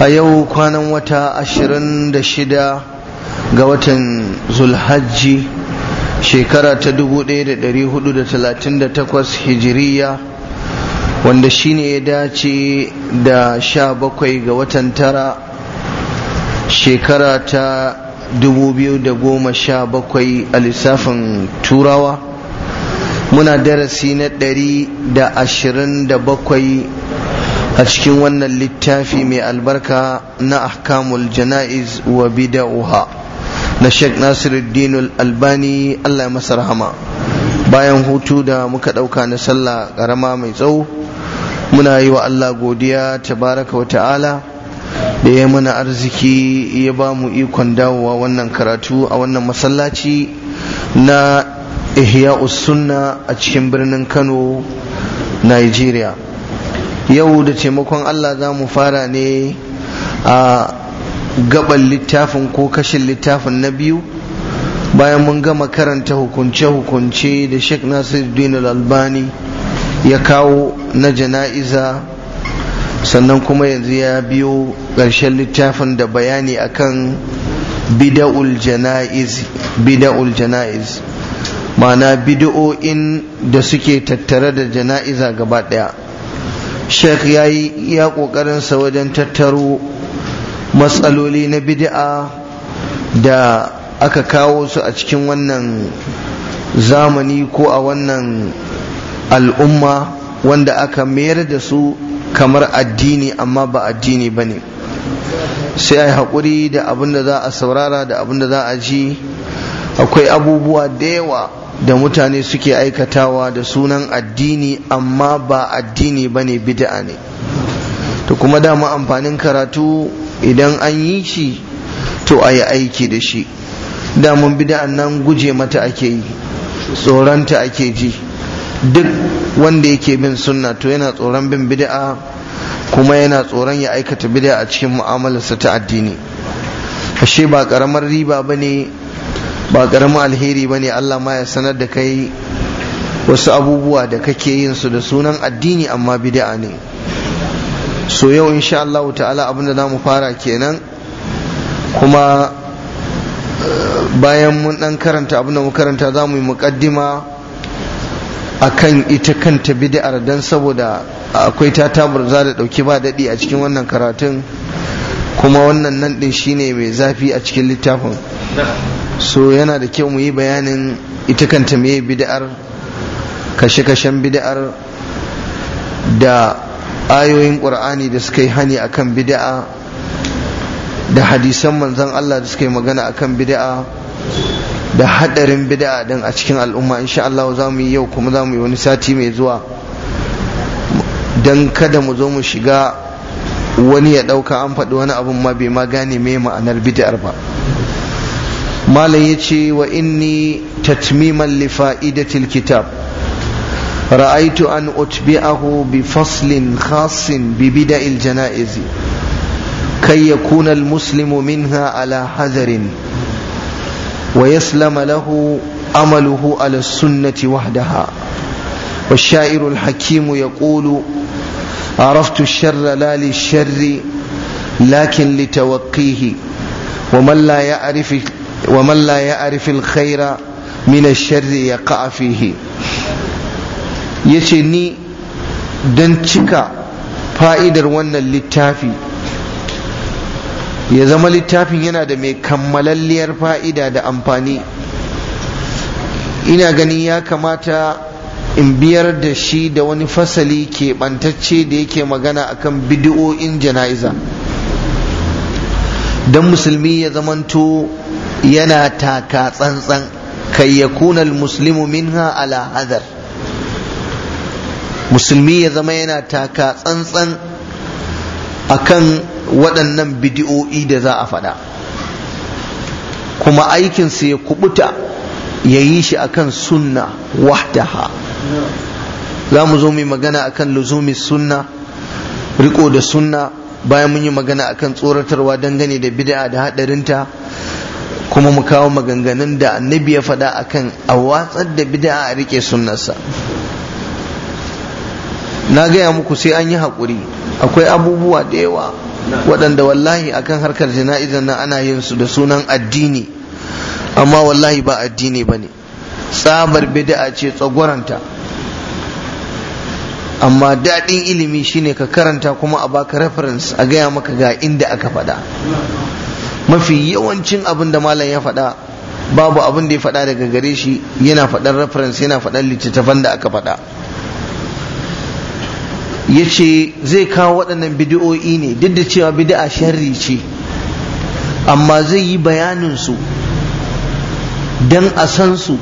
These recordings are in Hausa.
a yau kwanan wata ashirin da shida ga watan zulhajji shekara ta dubu da hijiriya wanda shine ya dace da sha bakwai ga watan tara shekara ta dubu da goma sha bakwai a lissafin turawa muna darasi na ɗari da da a cikin wannan littafi mai albarka na ahkamul jana'iz wa bida'uha na Sheikh Nasiruddin Albani Allah ya masa rahama bayan hutu da muka ɗauka na sallah karama mai tsawo muna yi wa Allah godiya tabaraka wa ta'ala da ya mana arziki ya ba mu ikon dawowa wannan karatu a wannan masallaci na ihya'us sunna a cikin birnin Kano Nigeria yau da taimakon Allah za mu fara ne a gaban littafin ko kashin littafin na biyu bayan mun gama karanta hukunce-hukunce da sheikh nasiruddin albani ya kawo na jana'iza sannan kuma yanzu ya biyo ƙarshen littafin da bayani akan bida'ul jana'iz bida'ul jana'iz ma'ana bida'o'in da suke tattare da jana'iza gaba ɗaya sheikh ya yi iya ƙoƙarinsa wajen tattaro matsaloli na bid'a da aka kawo su a cikin wannan zamani ko a wannan al'umma wanda aka mayar da su kamar addini amma ba addini ba ne sai a yi haƙuri da abin da za a saurara da abin da za a ji akwai abubuwa da yawa da mutane suke aikatawa da sunan addini amma ba addini ba ne bida'a ne to kuma dama amfanin karatu idan an yi shi to a yi aiki da shi damun bida'an nan guje mata ake yi tsoronta ake ji duk wanda yake bin sunna to yana tsoron bin bida'a kuma yana tsoron ya aikata bida'a cikin mu'amalarsa ta addini ashe ba karamar riba ba ne ba karamin alheri ba ne Allah ma ya sanar da kai wasu abubuwa da kake yin su da sunan addini amma bid'a ne so yau insha Allah ta'ala abinda za mu fara kenan kuma bayan mun dan karanta abinda mu karanta za mu yi mukaddima akan ita kanta bid'ar dan saboda akwai ta za da dauki ba daɗi a cikin wannan karatun kuma wannan nan ɗin shine mai zafi a cikin littafin so yana da kyau mu yi bayanin ita kanta meye bid'ar kashe-kashen bid'ar da ayoyin ƙur'ani da suka yi hani akan bid'a da hadisan manzan Allah da suka yi magana akan bid'a da hadarin bid'a din a cikin al'umma insha Allah za mu yi yau kuma za mu yi wani sati mai zuwa don kada mu zo mu shiga wani ya ɗauka an faɗi wani abun ma bai ma gane me ma'anar bid'ar ba malam ya ce wa inni tatmiman lifa'idatil kitab ra'aitu an utbi'ahu bi faslin khasin bi bida'il jana'iz kai yakuna al muslimu minha ala hadarin wa yaslama lahu amaluhu ala sunnati wahdaha والشاعر الحكيم يقول عرفت الشر لا للشر لكن لتوقيه ومن لا يعرف ومن لا يعرف الخير من الشر يقع فيه yace ni don cika fa'idar wannan littafi ya zama littafin yana da mai kammalalliyar fa'ida da amfani ina gani ya kamata in biyar da shi da wani fasali keɓantacce da yake magana akan bid'o'in jana'iza don musulmi ya zamanto yana taka tsantsan kai ya kuna a minha ala hadar musulmi ya zama yana taka tsantsan akan waɗannan bidiyo'i da za a faɗa kuma aikinsa ya kubuta ya yi shi akan sunna wahdaha za mu zo mai magana akan luzumi sunna riko da sunna bayan mun yi magana akan tsoratarwa dangane da bid'a da haɗarinta kuma mu kawo maganganun da annabi ya faɗa akan a watsar da bid'a a rike sunnarsa na gaya muku sai an yi haƙuri akwai abubuwa da yawa waɗanda wallahi akan harkar jana'izar nan ana yin su da sunan addini amma wallahi ba addini ba ne tsabar bid'a ce tsagoranta amma daɗin ilimi shine ka karanta kuma a baka reference a gaya maka ga inda aka faɗa mafi yawancin abin da malam ya faɗa babu abin da ya faɗa daga gare shi yana faɗar reference yana faɗar littattafan da aka faɗa ya ce zai kawo waɗannan bidi'o'i ne duk da cewa bidi'a sharri ce amma zai yi bayaninsu don a san su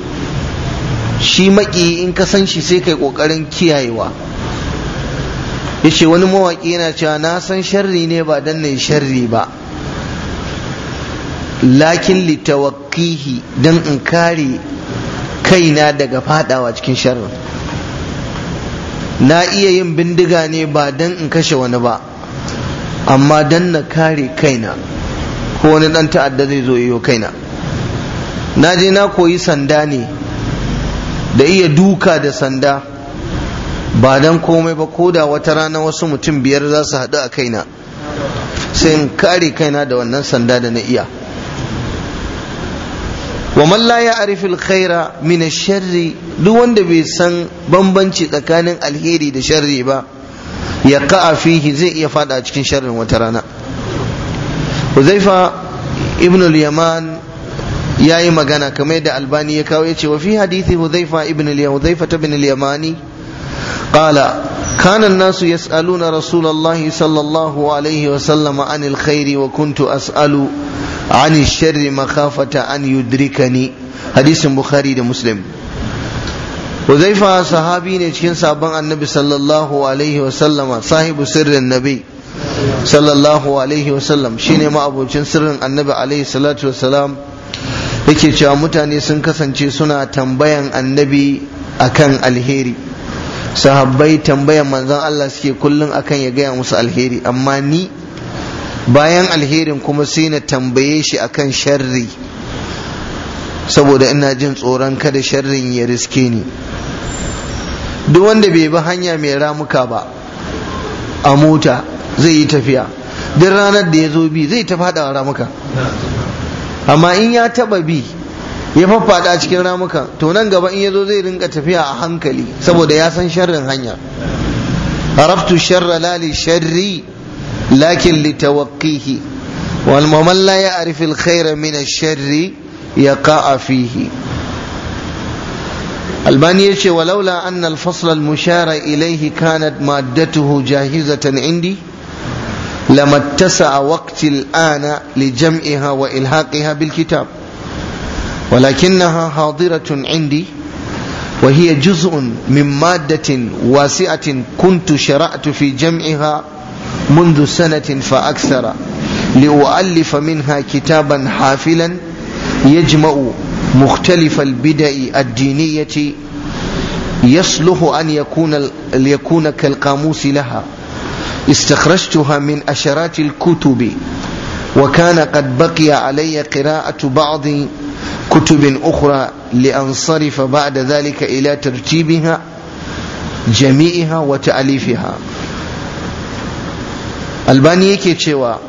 shi maƙi in ka san shi sai kai ƙoƙarin kiyayewa ya ce wani mawaƙi yana cewa na san sharri ne ba don na yi sharri ba lakin litawakkihi dan in kare kaina daga fadawa cikin sharrin na iya yin bindiga ne ba don in kashe wani ba amma don na kare kaina ko wani dan ta'adda zai zo yiwo kaina na je na koyi sanda ne da iya duka da sanda ba don komai ba ko da wata rana wasu mutum biyar za su haɗu a kaina sai in kare kaina da wannan sanda da na iya wa man la ya'rifu alkhaira sharri duk wanda bai san bambanci tsakanin alheri da sharri ba ya qa'a fihi zai iya fada cikin sharrin wata rana Huzaifa ibn al-Yaman ya yi magana kamar da Albani ya kawo yace wa fi hadithi Huzaifa ibn al-Huzaifa ibn al-Yamani qala kana an-nasu yas'aluna Rasulullahi sallallahu alaihi wa sallama anil khairi wa kuntu as'alu ani الشر مخافة أن يدركني حديث بخاري ده مسلم Huzaifa sahabi ne cikin sabon annabi sallallahu alaihi wa sallama, sahibu sirrin nabi sallallahu alaihi wa wasallam shine ma'abocin sirrin annabi alaihi salatu wa salam. yake cewa mutane sun kasance suna tambayan annabi akan alheri sahabbai tambayan manzon Allah suke kullum akan ya gaya musu alheri amma ni bayan alherin kuma sai na tambaye shi akan sharri saboda ina jin tsoron kada sharrin ya riske ni duk wanda bai bi hanya mai ramuka ba a mota zai yi tafiya duk ranar da ya zo bi zai ta fada ramuka amma in ya taba bi ya faffada cikin ramuka to nan gaba in ya zo zai rinka tafiya a hankali saboda ya san sharrin hanya araftu sharra lali sharri لكن لتوقيه ومن لا يعرف الخير من الشر يقع فيه الباني يشي ولولا أن الفصل المشار إليه كانت مادته جاهزة عندي لما اتسع وقت الآن لجمعها وإلحاقها بالكتاب ولكنها حاضرة عندي وهي جزء من مادة واسعة كنت شرعت في جمعها منذ سنة فأكثر لأؤلف منها كتابا حافلا يجمع مختلف البدع الدينية يصلح أن يكون ليكون كالقاموس لها استخرجتها من أشرات الكتب وكان قد بقي علي قراءة بعض كتب أخرى لأنصرف بعد ذلك إلى ترتيبها جميعها وتأليفها albani yake cewa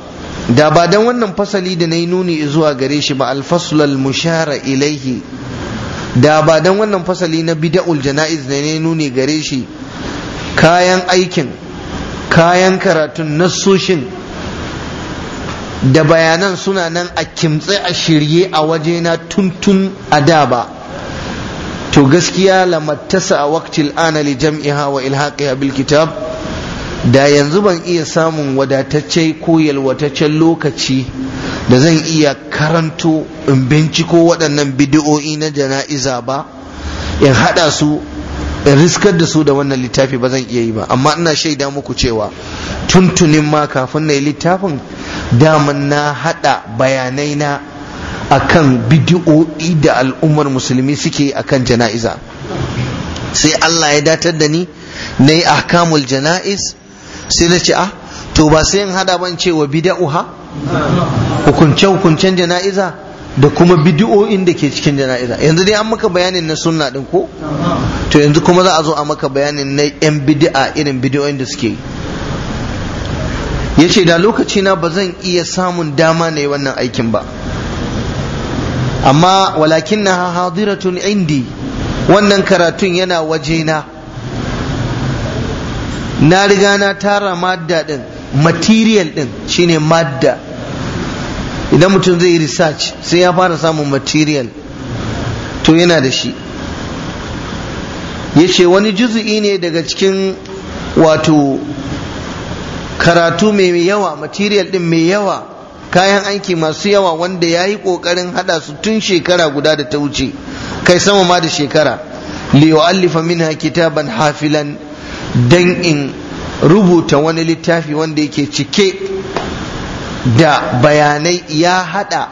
da ba dan wannan fasali da na yi nuni zuwa gare shi ba alfasul al-mushara ilaihi da ba dan wannan fasali na bida'ul jana'iz da na nuni gare shi kayan aikin kayan karatun nasoshin, da bayanan suna nan a kimtse a shirye a waje na tuntun a da ba to gaskiya lamattasa a waktil ana li jam'iha wa ilhaqiha bil kitab da yanzu ban iya samun wadatacce ko yalwataccen lokaci da zan iya karanto in binciko waɗannan bidiyo'i na jana'iza ba in haɗa su in riskar da su da wannan littafi ba zan iya yi ba amma ina shaida muku cewa tuntunin ma kafin na yi littafin daman na haɗa bayanai na akan bidiyo'i da al'ummar musulmi suke akan jana'iza sai Allah ya datar da ni na yi ahkamul jana'iz sai na ce a ah, to ba sai in hada ban cewa bida'uha hukunce hukuncen jana'iza da kuma bidu'o'in da ke cikin jana'iza yanzu dai an maka bayanin na sunna din ko to yanzu kuma za a zo a maka bayanin na yan bidi'a irin bidu'o'in da suke yi yace da lokaci na ba zan iya samun dama na yi wannan aikin ba amma walakin na hadiratun indi wannan karatun yana waje na. na riga na tara madda din material din shine madda idan mutum zai yi research sai ya fara samun material to yana da shi yace wani juzu'i ne daga cikin wato karatu mai yawa material din mai yawa kayan aiki masu yawa wanda ya yi ƙoƙarin haɗa su tun shekara guda da ta wuce kai sama ma da shekara allifa minha kitaban hafilan Dan in rubuta wani littafi wanda yake cike da bayanai ya hada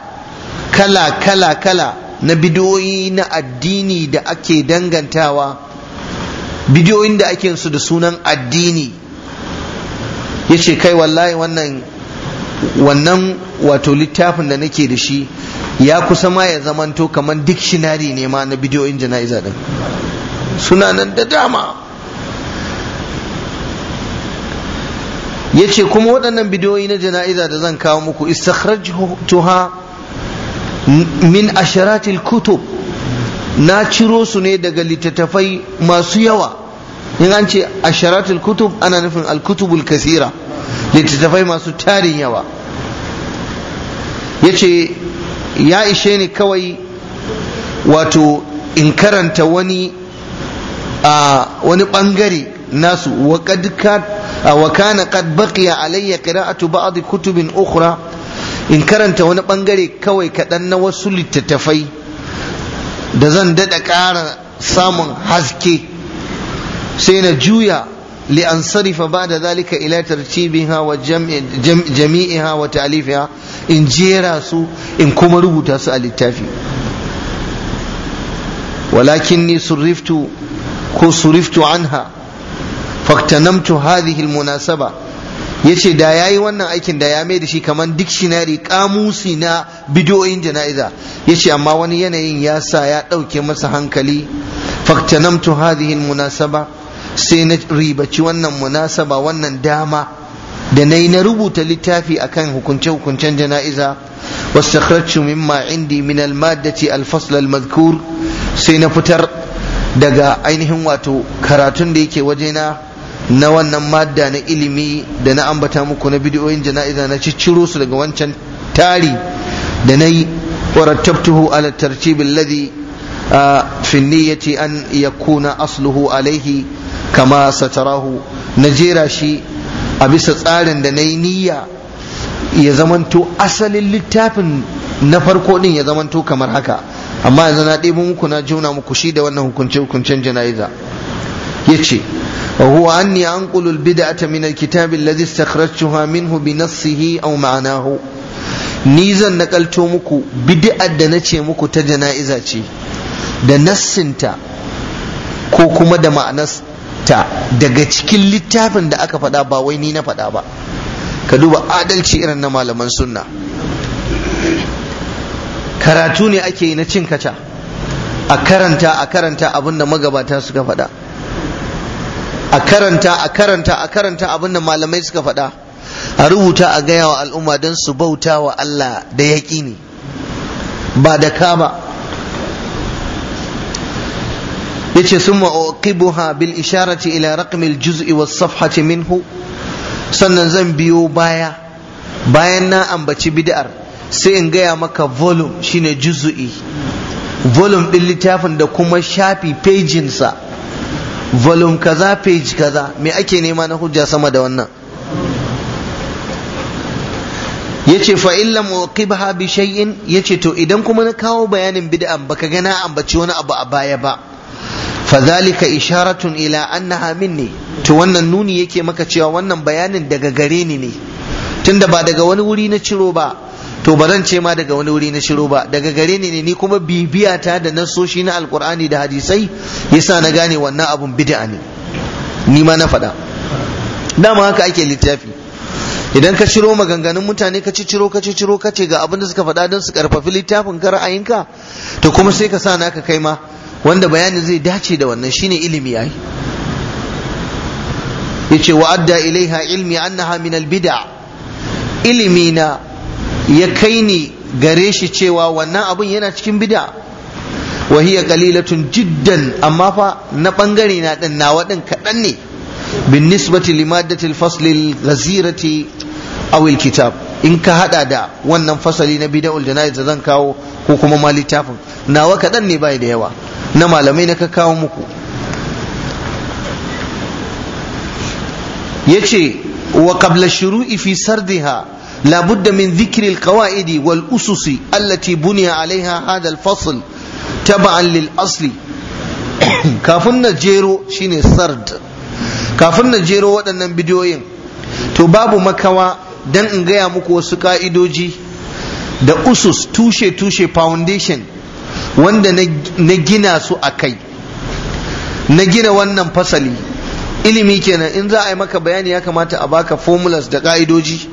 kala kala kala na bidiyoyi na addini da ake dangantawa bidiyoyin da ake su da sunan addini ya ce kai wallahi wannan wannan wato littafin da nake da shi ya kusa ma ya zamanto kamar dictionary ne ma na bidiyoyin jana'iza din suna da dama yace kuma waɗannan bidiyoyi na jana'iza da zan kawo muku tuha min asharatil kutub na ciro su ne daga littattafai masu yawa in an ce asharatul kutub ana nufin alkutubul kasira littattafai masu tarin yawa yace ya ishe ni kawai wato in karanta wani a wani bangare nasu wa wa kana qad baqiya alayya qira'atu ba'd kutubin ukhra in karanta wani ɓangare kawai kaɗan na wasu littattafai da zan daɗa ƙara samun haske sai na juya li an ba da zalika ila hawa wa jami'iha wa ta'alifiha in jera su in kuma rubuta su a littafi walakin ni suriftu ko surriftu anha faktanamtu hadhihi almunasaba yace da yayi wannan aikin da ya mai da shi kaman dictionary kamusi na bidiyoyin jana'iza yace amma wani yanayin ya sa ya dauke masa hankali faktanamtu hadhihi almunasaba sai na ribaci wannan munasaba wannan dama da na yi na rubuta littafi akan hukunce-hukuncen jana'iza واستخرجت مما عندي من المادة الفصل المذكور سينفتر دقا أينهم واتو كراتون waje na. na wannan madda na ilimi da na ambata muku na bidiyoyin jana'iza na cicciro su daga wancan tari da na yi warattabtuhu ala tartibi alladhi fi niyyati an yakuna asluhu alaihi kama satarahu na jera shi a bisa tsarin da na yi niyya ya zamanto asalin littafin na farko din ya zamanto kamar haka amma yanzu na ɗebo muku na juna muku shi da wannan hukunce hukuncen jana'iza Ya ce. وهو أني أنقل البدعة من الكتاب الذي استخرجتها منه بنصه أو معناه نيزا نقلت مكو بدعة دنتي مكو تجنائزة da nassinta ko kuma da ma'anarta daga cikin littafin da aka faɗa ba wai ni na faɗa ba ka duba adalci irin na malaman sunna karatu ne ake yi na cin kaca a karanta a karanta abinda magabata suka faɗa a karanta a karanta a karanta abin malamai suka faɗa a rubuta a gaya wa al'umma don su bauta wa Allah da ne, ba da kama yace summa buha bil isharati ila raqmil juz'i was safhati minhu sannan zan biyo baya bayan na ambaci bid'ar sai in gaya maka volume shine juz'i volume ɗin littafin da kuma shafi pejinsa volume kaza page kaza me ake nema na hujja sama da wannan yace fa illa muqibha bi shay'in yace to idan kuma na kawo bayanin bid'an baka ga na ambaci wani abu a baya ba fa zalika isharatun ila annaha minni to wannan nuni yake maka cewa wannan bayanin daga gare ni ne tunda ba daga wani wuri na ciro ba to ba zan ce ma daga wani wuri na shiro ba daga gare ni ne ni kuma bibiya ta da nasoshi na alkur'ani da hadisai yasa na gane wannan abun bid'a ne ni ma na faɗa dama haka ake littafi idan ka shiro maganganun mutane ka ciciro ka ciciro ka ce ga abin da suka faɗa don su karfafi littafin ka ra'ayinka to kuma sai ka sa naka kai ma wanda bayanin zai dace da wannan shine ilimi yayi yace wa adda ilaiha ilmi annaha min albid'a ilimi na ya kai ni gare shi cewa wannan abun yana cikin bid'a wa hiya qalilatun jiddan amma fa na bangare na din nawa din kadan ne bin nisbati limaddatil fasli ghazirati aw kitab in ka hada da wannan fasali na bid'ul janayiz zan kawo ko kuma ma littafin nawa kadan ne bai da yawa na malamai na ka kawo muku yace wa qabla shuru'i fi sardiha لا بد من ذكر القواعد والأسس التي بني عليها هذا الفصل تبعا للأصل كافن جيرو شيني سرد كافن جيرو ودنا بديوين to babu makawa dan in gaya muku wasu ka'idoji da usus tushe-tushe foundation wanda na gina su a kai na gina wannan fasali ilimi kenan in za a yi maka bayani ya kamata a baka formulas da ka'idoji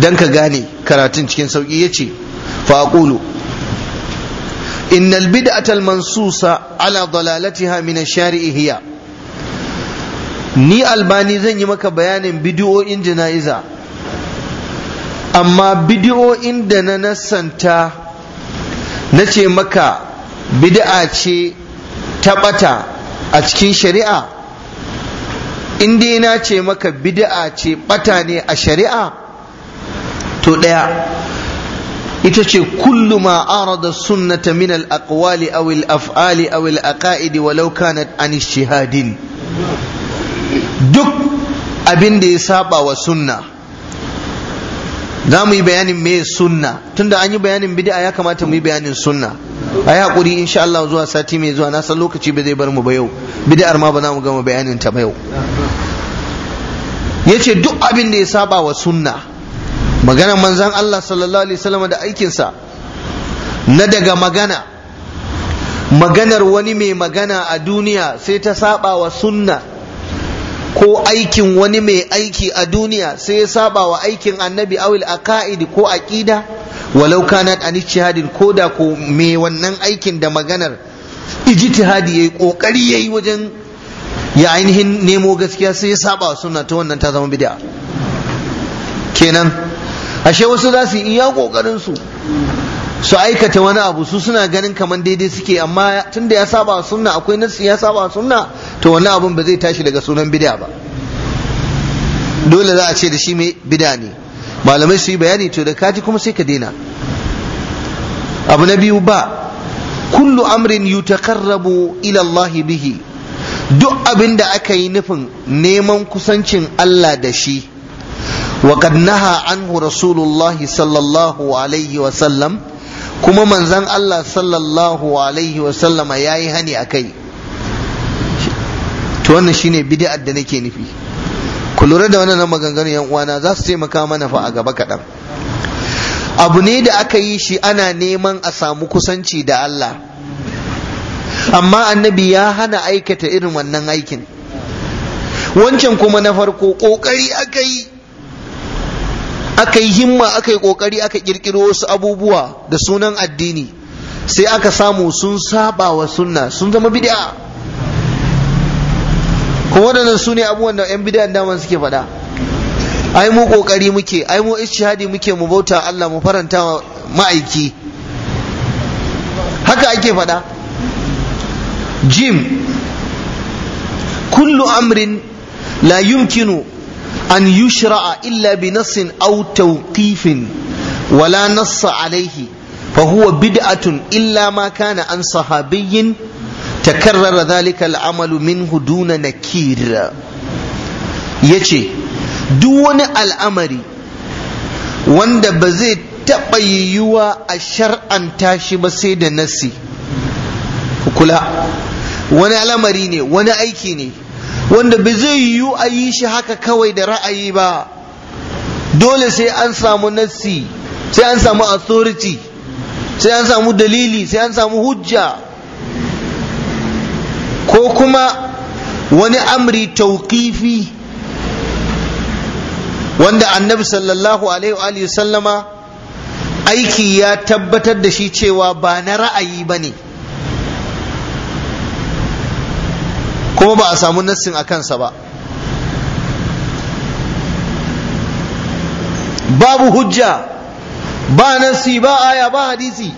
dan ka gane karatun cikin sauki yace fa aqulu innal bid'ata al mansusa ala dalalatiha min ash-shari'i hiya ni albani zan yi maka bayanin in jana'iza amma in da na nasanta na ce maka bid'a ce ta ɓata a cikin shari'a in dai na ce maka bid'a ce ɓata ne a shari'a to ɗaya ita ce kullu ma arada sunnata min al aqwali aw al af'ali aw al aqaid walau kanat an shihadin duk abin da ya saba wa sunna za mu yi bayanin me sunna tunda an yi bayanin bid'a ya kamata mu yi bayanin sunna a yi haƙuri insha Allah zuwa sati mai zuwa na san lokaci ba zai bar mu ba yau bid'ar ma ba za mu gama bayanin ta ba yau yace duk abin da ya saba wa sunna maganar manzan Allah sallallahu alaihi wasallam da aikinsa na daga magana maganar wani mai magana a duniya sai ta saba wa sunna ko aikin wani mai aiki a duniya sai ya saba wa aikin annabi awil aqaid ko aqida walau kanat an ijtihadin da ko mai wannan aikin da maganar ijtihadi yayi kokari yayi wajen ya ainihin nemo gaskiya sai ya saba wa sunna ta wannan ta zama bid'a kenan ashe wasu za su iya kokarin su su aikata wani abu su suna ganin kamar daidai suke amma tunda ya saba sunna akwai nasu ya saba sunna to wani abun ba zai tashi daga sunan bid'a ba dole za a ce da shi mai bid'a ne malamai su yi bayani to da kaji kuma sai ka daina abu na biyu ba kullu amrin yutaqarrabu ila Allah bihi duk abin da aka yi nufin neman kusancin Allah da shi وقد نهى عنه رسول الله صلى الله عليه وسلم كما من زن الله صلى الله عليه وسلم يا يهني أكي توانا شيني بدأ الدنيكي نفي كل رد وانا نما غنغن يوانا mana fa a gaba كدام abu ne da aka yi shi ana neman a samu kusanci da Allah amma annabi ya hana aikata irin wannan aikin wancan kuma na farko ƙoƙari aka yi aka yi himma aka yi kokari aka kirkiro wasu abubuwa da sunan addini sai aka samu sun saba wa sunna sun zama bid'a kuma waɗannan su ne abubuwan da 'yan bid'a daman suke faɗa ai mu kokari muke ai mu ishihadi muke mu bauta Allah mu faranta ma'aiki haka ake faɗa jim kullu amrin la yumkinu أن يشرع إلا بنص أو توقيف ولا نص عليه فهو بدعة إلا ما كان عن صحابي تكرر ذلك العمل منه دون نكير يجي دون الأمر wanda ba zai taɓa yiwuwa a shar'anta shi ba sai da nasi kula wani al'amari ne wani aiki ne wanda ba zai yiwu a yi shi haka kawai da ra'ayi ba dole sai an samu nassi sai an samu authority sai an samu dalili sai an samu hujja ko kuma wani amri tauƙifi wanda annabi sallallahu alaihi wa sallama aiki ya tabbatar da shi cewa ba na ra'ayi ba ne kuma ba a samu nassin a kansa ba babu hujja ba nassi ba aya ba hadisi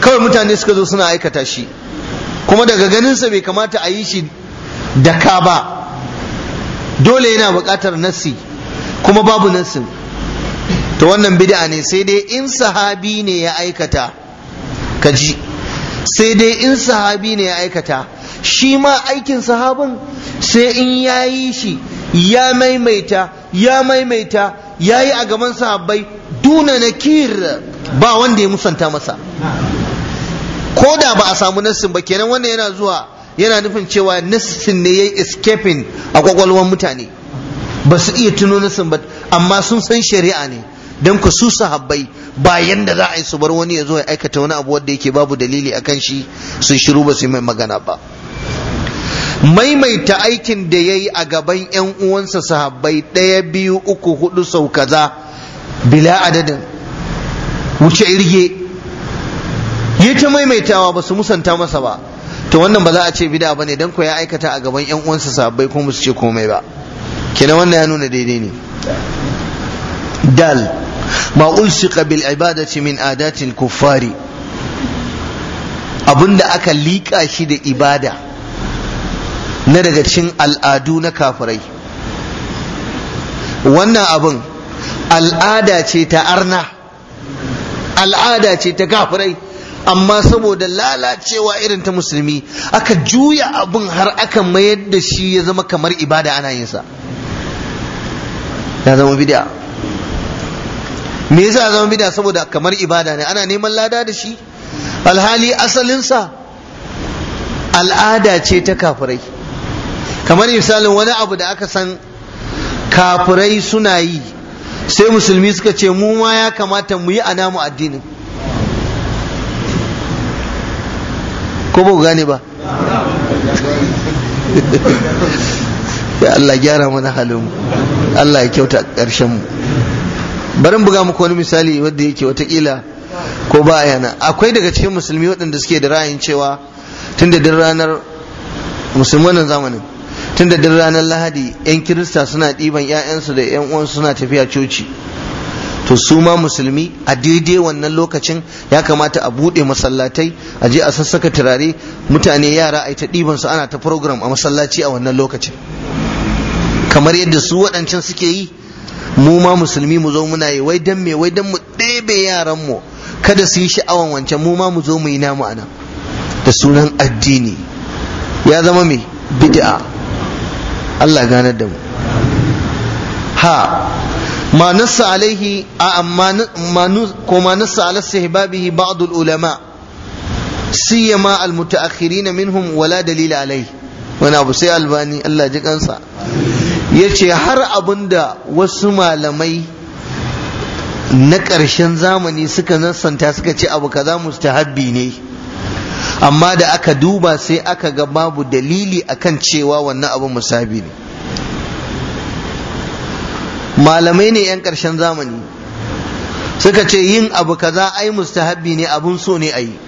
kawai mutane suka zo suna aikata shi kuma daga ganinsa bai kamata a yi shi da ka ba dole yana buƙatar nassi kuma babu nassin to wannan bid'a ne sai dai in sahabi ne ya aikata ka ji sai dai in sahabi ne ya aikata shi ma aikin sahabin sai in ya yi shi ya maimaita ya maimaita ya yi a gaban sahabbai duna nakir ba wanda ya musanta masa ko da ba a samu nassin ba kenan wanda yana zuwa yana nufin cewa nassin ne ya yi escaping a kwakwalwar mutane ba su iya tuno nassin ba amma sun san shari'a ne don ku su sahabbai ba yanda za a yi su bar wani ya zo ya aikata wani abu wanda yake babu dalili akan shi su shiru ba su mai magana ba maimaita aikin da ya yi a gaban 'yan uwansa sahabbai ɗaya biyu uku hudu sau kaza bila adadin wuce irge ya ta maimaitawa ba su musanta masa ba to wannan ba za a ce bida ba ne don ko ya aikata a gaban 'yan uwansa sahabbai ko su ce komai ba kenan wannan ya nuna daidai ne dal ma ulsiqa bil ibadati min adatin kuffari abinda aka liƙa shi da ibada na daga cikin al'adu na kafirai wannan abun al'ada ce ta arna al'ada ce ta kafirai amma saboda lalacewa irin ta musulmi aka juya abin har aka mayar da shi ya zama kamar ibada ana yinsa ya zama bid'a me yasa zama bid'a saboda kamar ibada ne ana neman lada da shi alhali asalinsa al'ada ce ta kafirai kamar misalin wani abu da aka san kafirai suna yi sai musulmi suka ce mu ma ya kamata mu yi a namu addinin ko ba gane ba ya Allah gyara mana halin Allah ya kyauta ƙarshen mu Barin buga muku wani misali wadda yake watakila ko ba a yana akwai daga cikin musulmi waɗanda suke da ra'ayin cewa tun da din ranar musulmanin zamanin tun da din ranar lahadi yan kirista suna ɗiban 'ya'yansu da 'yan uwansu suna tafiya coci to su ma musulmi a daidai wannan lokacin ya kamata a buɗe masallatai a je a sassaka turare mutane yara a yi ta ɗiban su ana ta program a masallaci a wannan lokacin kamar yadda su waɗancan suke yi mu ma musulmi mu zo muna yi wai dan me wai dan mu ɗebe yaran mu kada su yi sha'awan wancan mu ma mu zo mu yi namu anan da sunan addini ya zama me bid'a Allah ganar da mu ha ما نص عليه ما كما نص على استحبابه بعض العلماء سيما المتأخرين منهم ولا دليل عليه وانا ابو سي الباني الله جي ya ce har da wasu malamai na ƙarshen zamani suka nasanta, suka ce abu kaza mustahabbi ne amma da aka duba sai aka ga babu dalili akan cewa wannan abu musabi ne malamai ne 'yan ƙarshen zamani suka ce yin abu kaza ai mustahabbi ne abun so ne a yi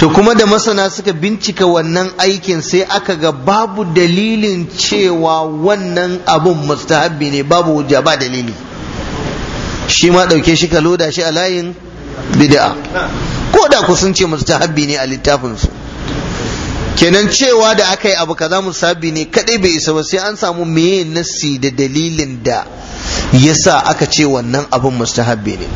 to kuma da masana suka bincika wannan aikin sai aka ga babu dalilin cewa wannan abun mustahabbi ne babu hujja ba dalili shi ma ɗauke shi ka loda shi a layin bid'a ko da ku sun ce mustahabbi ne a littafin su. kenan cewa da aka yi abu kaza mustahabbi ne kadai bai isa ba sai an samu meye nassi da dalilin da yasa aka ce wannan abun mustahabbi ne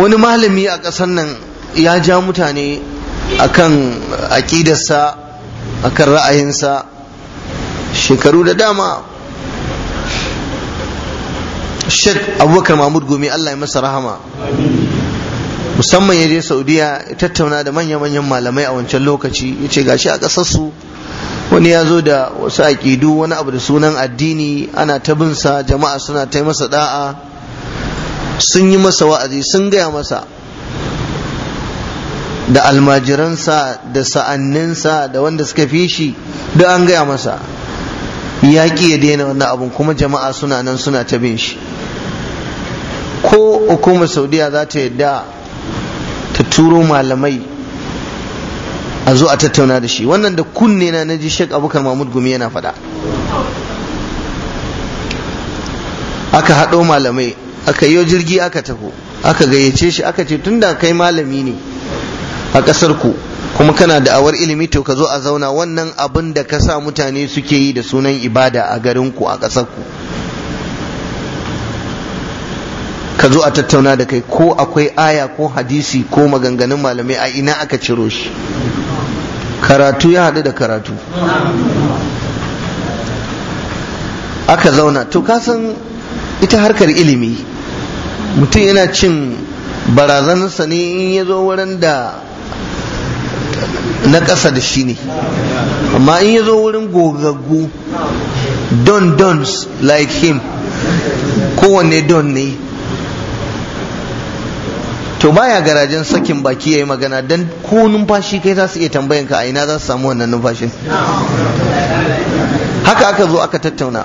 wani malami a ƙasar nan ya ja mutane a akan aƙidarsa kan ra'ayinsa shekaru da dama shek Abubakar Mahmud Gumi Allah ya masa rahama musamman ya je Saudiya ya tattauna da manya-manyan malamai a wancan lokaci ya ce gashi a ƙasarsu wani ya zo da wasu aƙidu wani abu da sunan addini ana ta binsa jama'a suna ta masa da'a sun yi masa wa'azi sun gaya masa da almajiransa da sa'anninsa da wanda suka fi shi duk an gaya masa ya ya daina wannan abun kuma jama'a suna nan suna ta bin shi ko hukumar saudiya za ta yadda ta turo malamai a zo a tattauna da shi wannan da kunne na naji shek abokan mahmud gumi yana faɗa aka haɗo malamai aka yi jirgi aka taho aka gayyace shi aka ce tunda kai malami ne a ƙasarku ku kuma kana da awar ilimi to ka zo a zauna wannan abin da ka sa mutane suke yi da sunan ibada a garinku ku a ƙasarku. ka zo a tattauna da kai ko akwai aya ko hadisi ko maganganun malamai a ina aka ciro shi karatu ya haɗu da karatu aka zauna to ka san ita harkar ilimi mutum yana cin barazanarsa ne in ya zo wurin da na ƙasa da shi ne amma in ya zo wurin gogaggu don dons like him kowanne don ne to baya garajen sakin baki ya yi magana don ko numfashi kai za su iya tambayan ka a ina za su samu wannan numfashin haka aka zo aka tattauna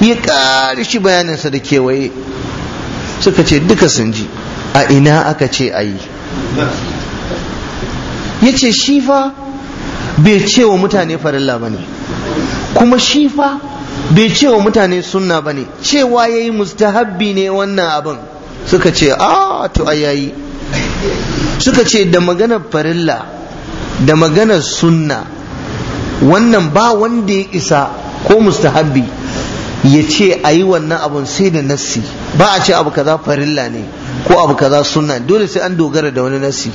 ya ƙari shi bayaninsa da kewaye suka ce duka sun ji a ina aka ce a yi ya ce shifa bai ce wa mutane farilla ba ne kuma shifa bai ce wa mutane sunna ba ne cewa ya yi mustahabbi ne wannan abin suka ce a ah, to ayayi suka ce da maganar farilla da maganar sunna wannan ba wanda ya isa ko mustahabbi ya ce a yi wannan abun sai da nassi ba a ce abu kaza farilla ne ko abu kaza sunna dole sai an dogara da wani nassi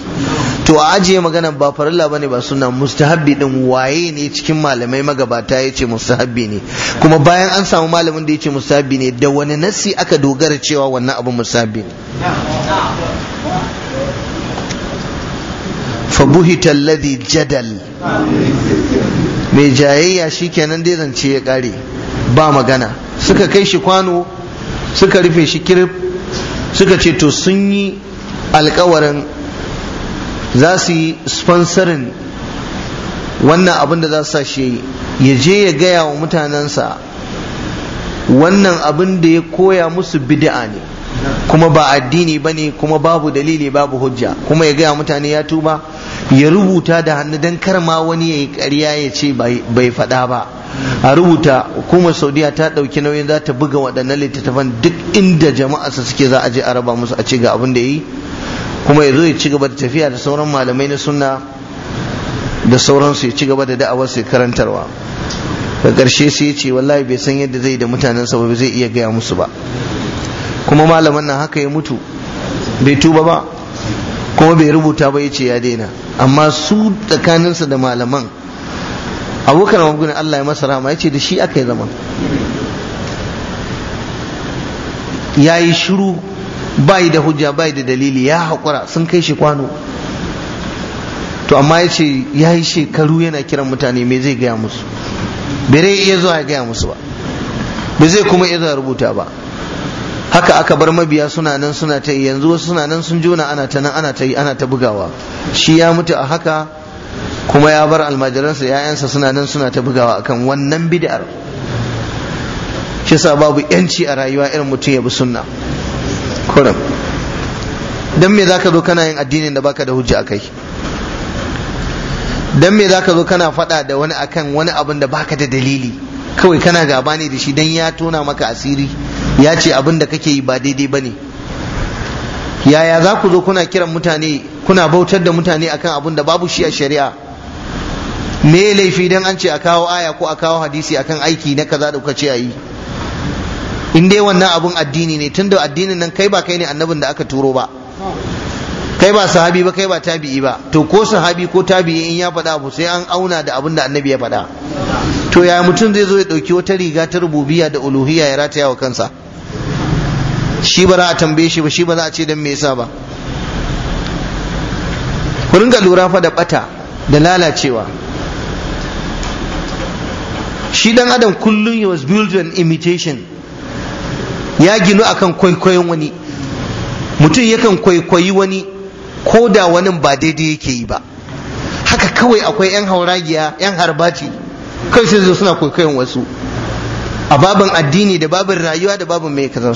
to a ajiye magana ba farilla bane ba suna mustahabbi din waye ne cikin malamai magabata ya mustahabbi ne kuma bayan an samu malamin da ya ce mustahabbi ne da wani nasi aka dogara cewa wannan abu mustahabbi ne fabuhita alladhi jadal mai jayayya shikenan dai zance ya kare ba magana suka kai shi kwano suka rufe shi kirif suka ce to sun yi alkawarin za su yi sponsorin wannan abin da za su shi ya je ya gaya wa mutanensa wannan abin da ya koya musu bid'a ne kuma ba addini ba ne kuma babu dalili babu hujja kuma ya gaya mutane ya tuba ya rubuta da hannu don kar ma wani ya yi ƙarya ya ce bai faɗa ba a rubuta hukumar saudiya ta ɗauki nauyin za ta buga waɗannan littattafan duk inda jama'a suke za a je a raba musu a ce ga abin da yi kuma ya ya ci gaba da tafiya da sauran malamai na suna da sauransu ya ci gaba da da'awar su karantarwa da ƙarshe sai ya ce wallahi bai san yadda zai da mutanen sa zai iya gaya musu ba kuma malaman nan haka ya mutu bai tuba ba kuma bai rubuta ba ya ce ya daina amma su tsakaninsa da malaman abokan magunan Allah ya masa rama ya ce da shi aka yi zama ya yi shiru bai da hujja bai da dalili ya haƙura sun kai shi kwano to amma ya ce ya yi shekaru yana kiran mutane me zai gaya musu bere iya zuwa ya gaya musu ba ba zai kuma iya zuwa rubuta ba haka aka bar mabiya suna nan suna ta yi yanzu wasu suna nan sun jona ana ta nan ana ta yi ana ta bugawa shi ya mutu a haka kuma ya bar almajiransa ya'yansa suna nan suna ta bugawa akan wannan bid'ar shi sa babu yanci a rayuwa irin mutum ya bi sunna kuram dan me zaka zo kana yin addinin da baka da hujja akai dan me zaka zo kana faɗa da wani akan wani abin da baka da dalili kawai kana gaba ne da shi dan ya tona maka asiri ya ce abin da kake yi ba daidai bane yaya za ku zo kuna kiran mutane kuna bautar da mutane akan abin da babu shi a shari'a me laifi dan an ce a kawo aya ko a kawo hadisi akan aiki na kaza da kuka ce a yi in dai wannan abun addini ne tunda addinin nan kai ba kai ne annabin da aka turo ba kai ba sahabi ba kai ba tabi'i ba to ko sahabi ko tabi'i in ya faɗa abu sai an auna da abin da annabi ya faɗa to ya mutum zai zo ya ɗauki wata riga ta rububiya da uluhiya ya rataya wa kansa shi ba za a tambaye shi ba shi ba za a ce dan me yasa ba ku ringa lura fa da bata da lalacewa shi dan adam kullum he was built an imitation ya ginu akan kwaikwayon wani mutum yakan kwaikwayi wani ko da wani ba daidai yake yi ba haka kawai akwai 'yan hauragiya 'yan harbaci kai sai su suna kwaikwayon wasu a babin addini da babin rayuwa da babin mai kasar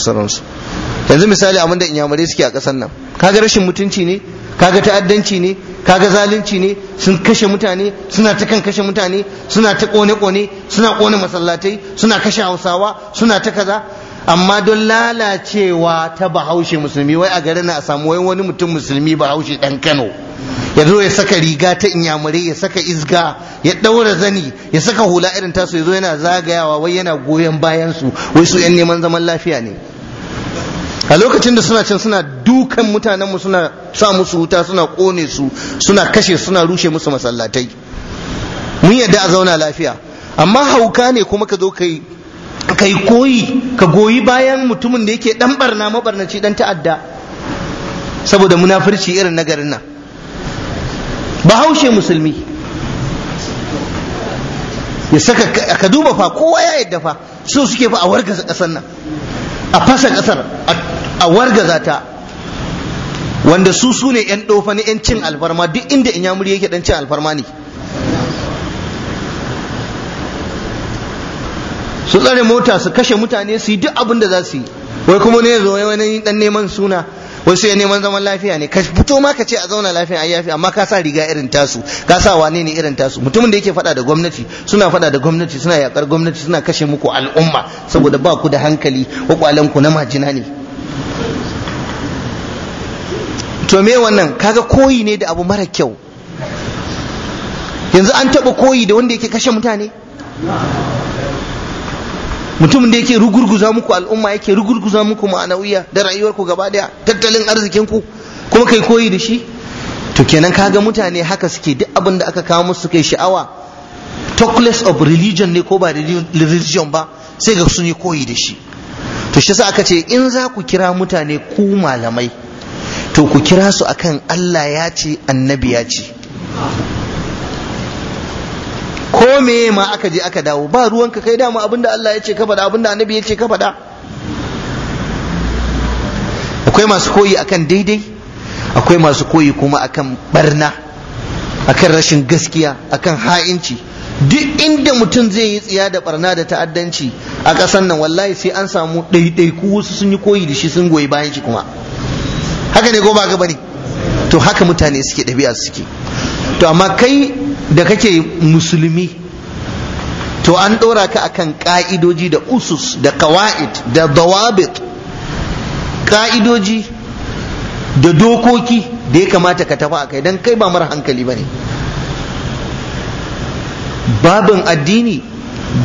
yanzu misali abin da inyamurai suke a ƙasar nan kaga rashin mutunci ne kaga ta'addanci ne kaga zalunci ne sun kashe mutane suna ta kan kashe mutane suna ta kone kone suna kone masallatai suna kashe hausawa suna ta kaza amma don lalacewa ta bahaushe musulmi wai a garin a samu wai wani mutum musulmi bahaushe dan kano ya zo ya saka riga ta inyamurai ya saka izga ya ɗaura zani ya saka hula irin tasu ya zo yana zagayawa wai yana goyon bayan su wai su 'yan neman zaman lafiya ne a lokacin da suna can suna dukan mutanen mu suna sa musu wuta suna kone su suna kashe suna rushe musu masallatai mun yadda a zauna lafiya amma hauka ne kuma ka zo ka yi. kai koyi ka goyi bayan mutumin da yake dan barna mabarnaci dan ta'adda saboda munafurci irin na garin nan bahaushe musulmi ya saka ka duba fa kowa ya yadda fa so suke fa a wargaza kasar nan a fasa kasar a wargaza ta wanda su su ne yan dofa ne yan cin alfarma duk inda in yamuri yake dan cin alfarma ne su tsare mota su kashe mutane su yi duk abin da za su yi wai kuma ne zo wani dan neman suna wai sai neman zaman lafiya ne ka fito ma ka ce a zauna lafiya a yafi amma ka sa riga irin tasu ka sa wane ne irin tasu mutumin da yake fada da gwamnati suna fada da gwamnati suna yakar gwamnati suna kashe muku al'umma saboda ba ku da hankali kwalan ku na majina ne to me wannan kaga koyi ne da abu mara kyau yanzu an taba koyi da wanda yake kashe mutane mutumin da yake rugurguza muku al'umma yake rugurguza muku ma'anawiya da rayuwarku gaba daya tattalin arzikinku kuma kai koyi da shi to kenan kaga mutane haka suke duk abin da aka kawo musu kai sha'awa talkless of religion ne ko ba religion ba sai ga sun yi koyi da shi to shi aka ce in za ku kira mutane ku malamai to ku kira su akan Allah ya ce annabi ya ce ko me ma aka je aka dawo ba ruwanka kai dama abinda Allah ya ce ka faɗa abinda annabi ya ce ka faɗa akwai masu koyi akan daidai akwai masu koyi kuma akan barna akan rashin gaskiya akan ha'inci duk inda mutum zai yi tsiya da barna da ta'addanci a ƙasan nan wallahi sai an samu ɗaiɗaiku wasu sun yi koyi da shi sun goyi bayan shi kuma haka ne ko ba ka bane to haka mutane suke ɗabi'a suke to amma kai da kake musulmi to an ɗora ka akan ƙa'idoji da usus da kawa'id da dawabit ƙa'idoji da dokoki da ya kamata ka tafi a kai don kai ba mara hankali ba ne babin addini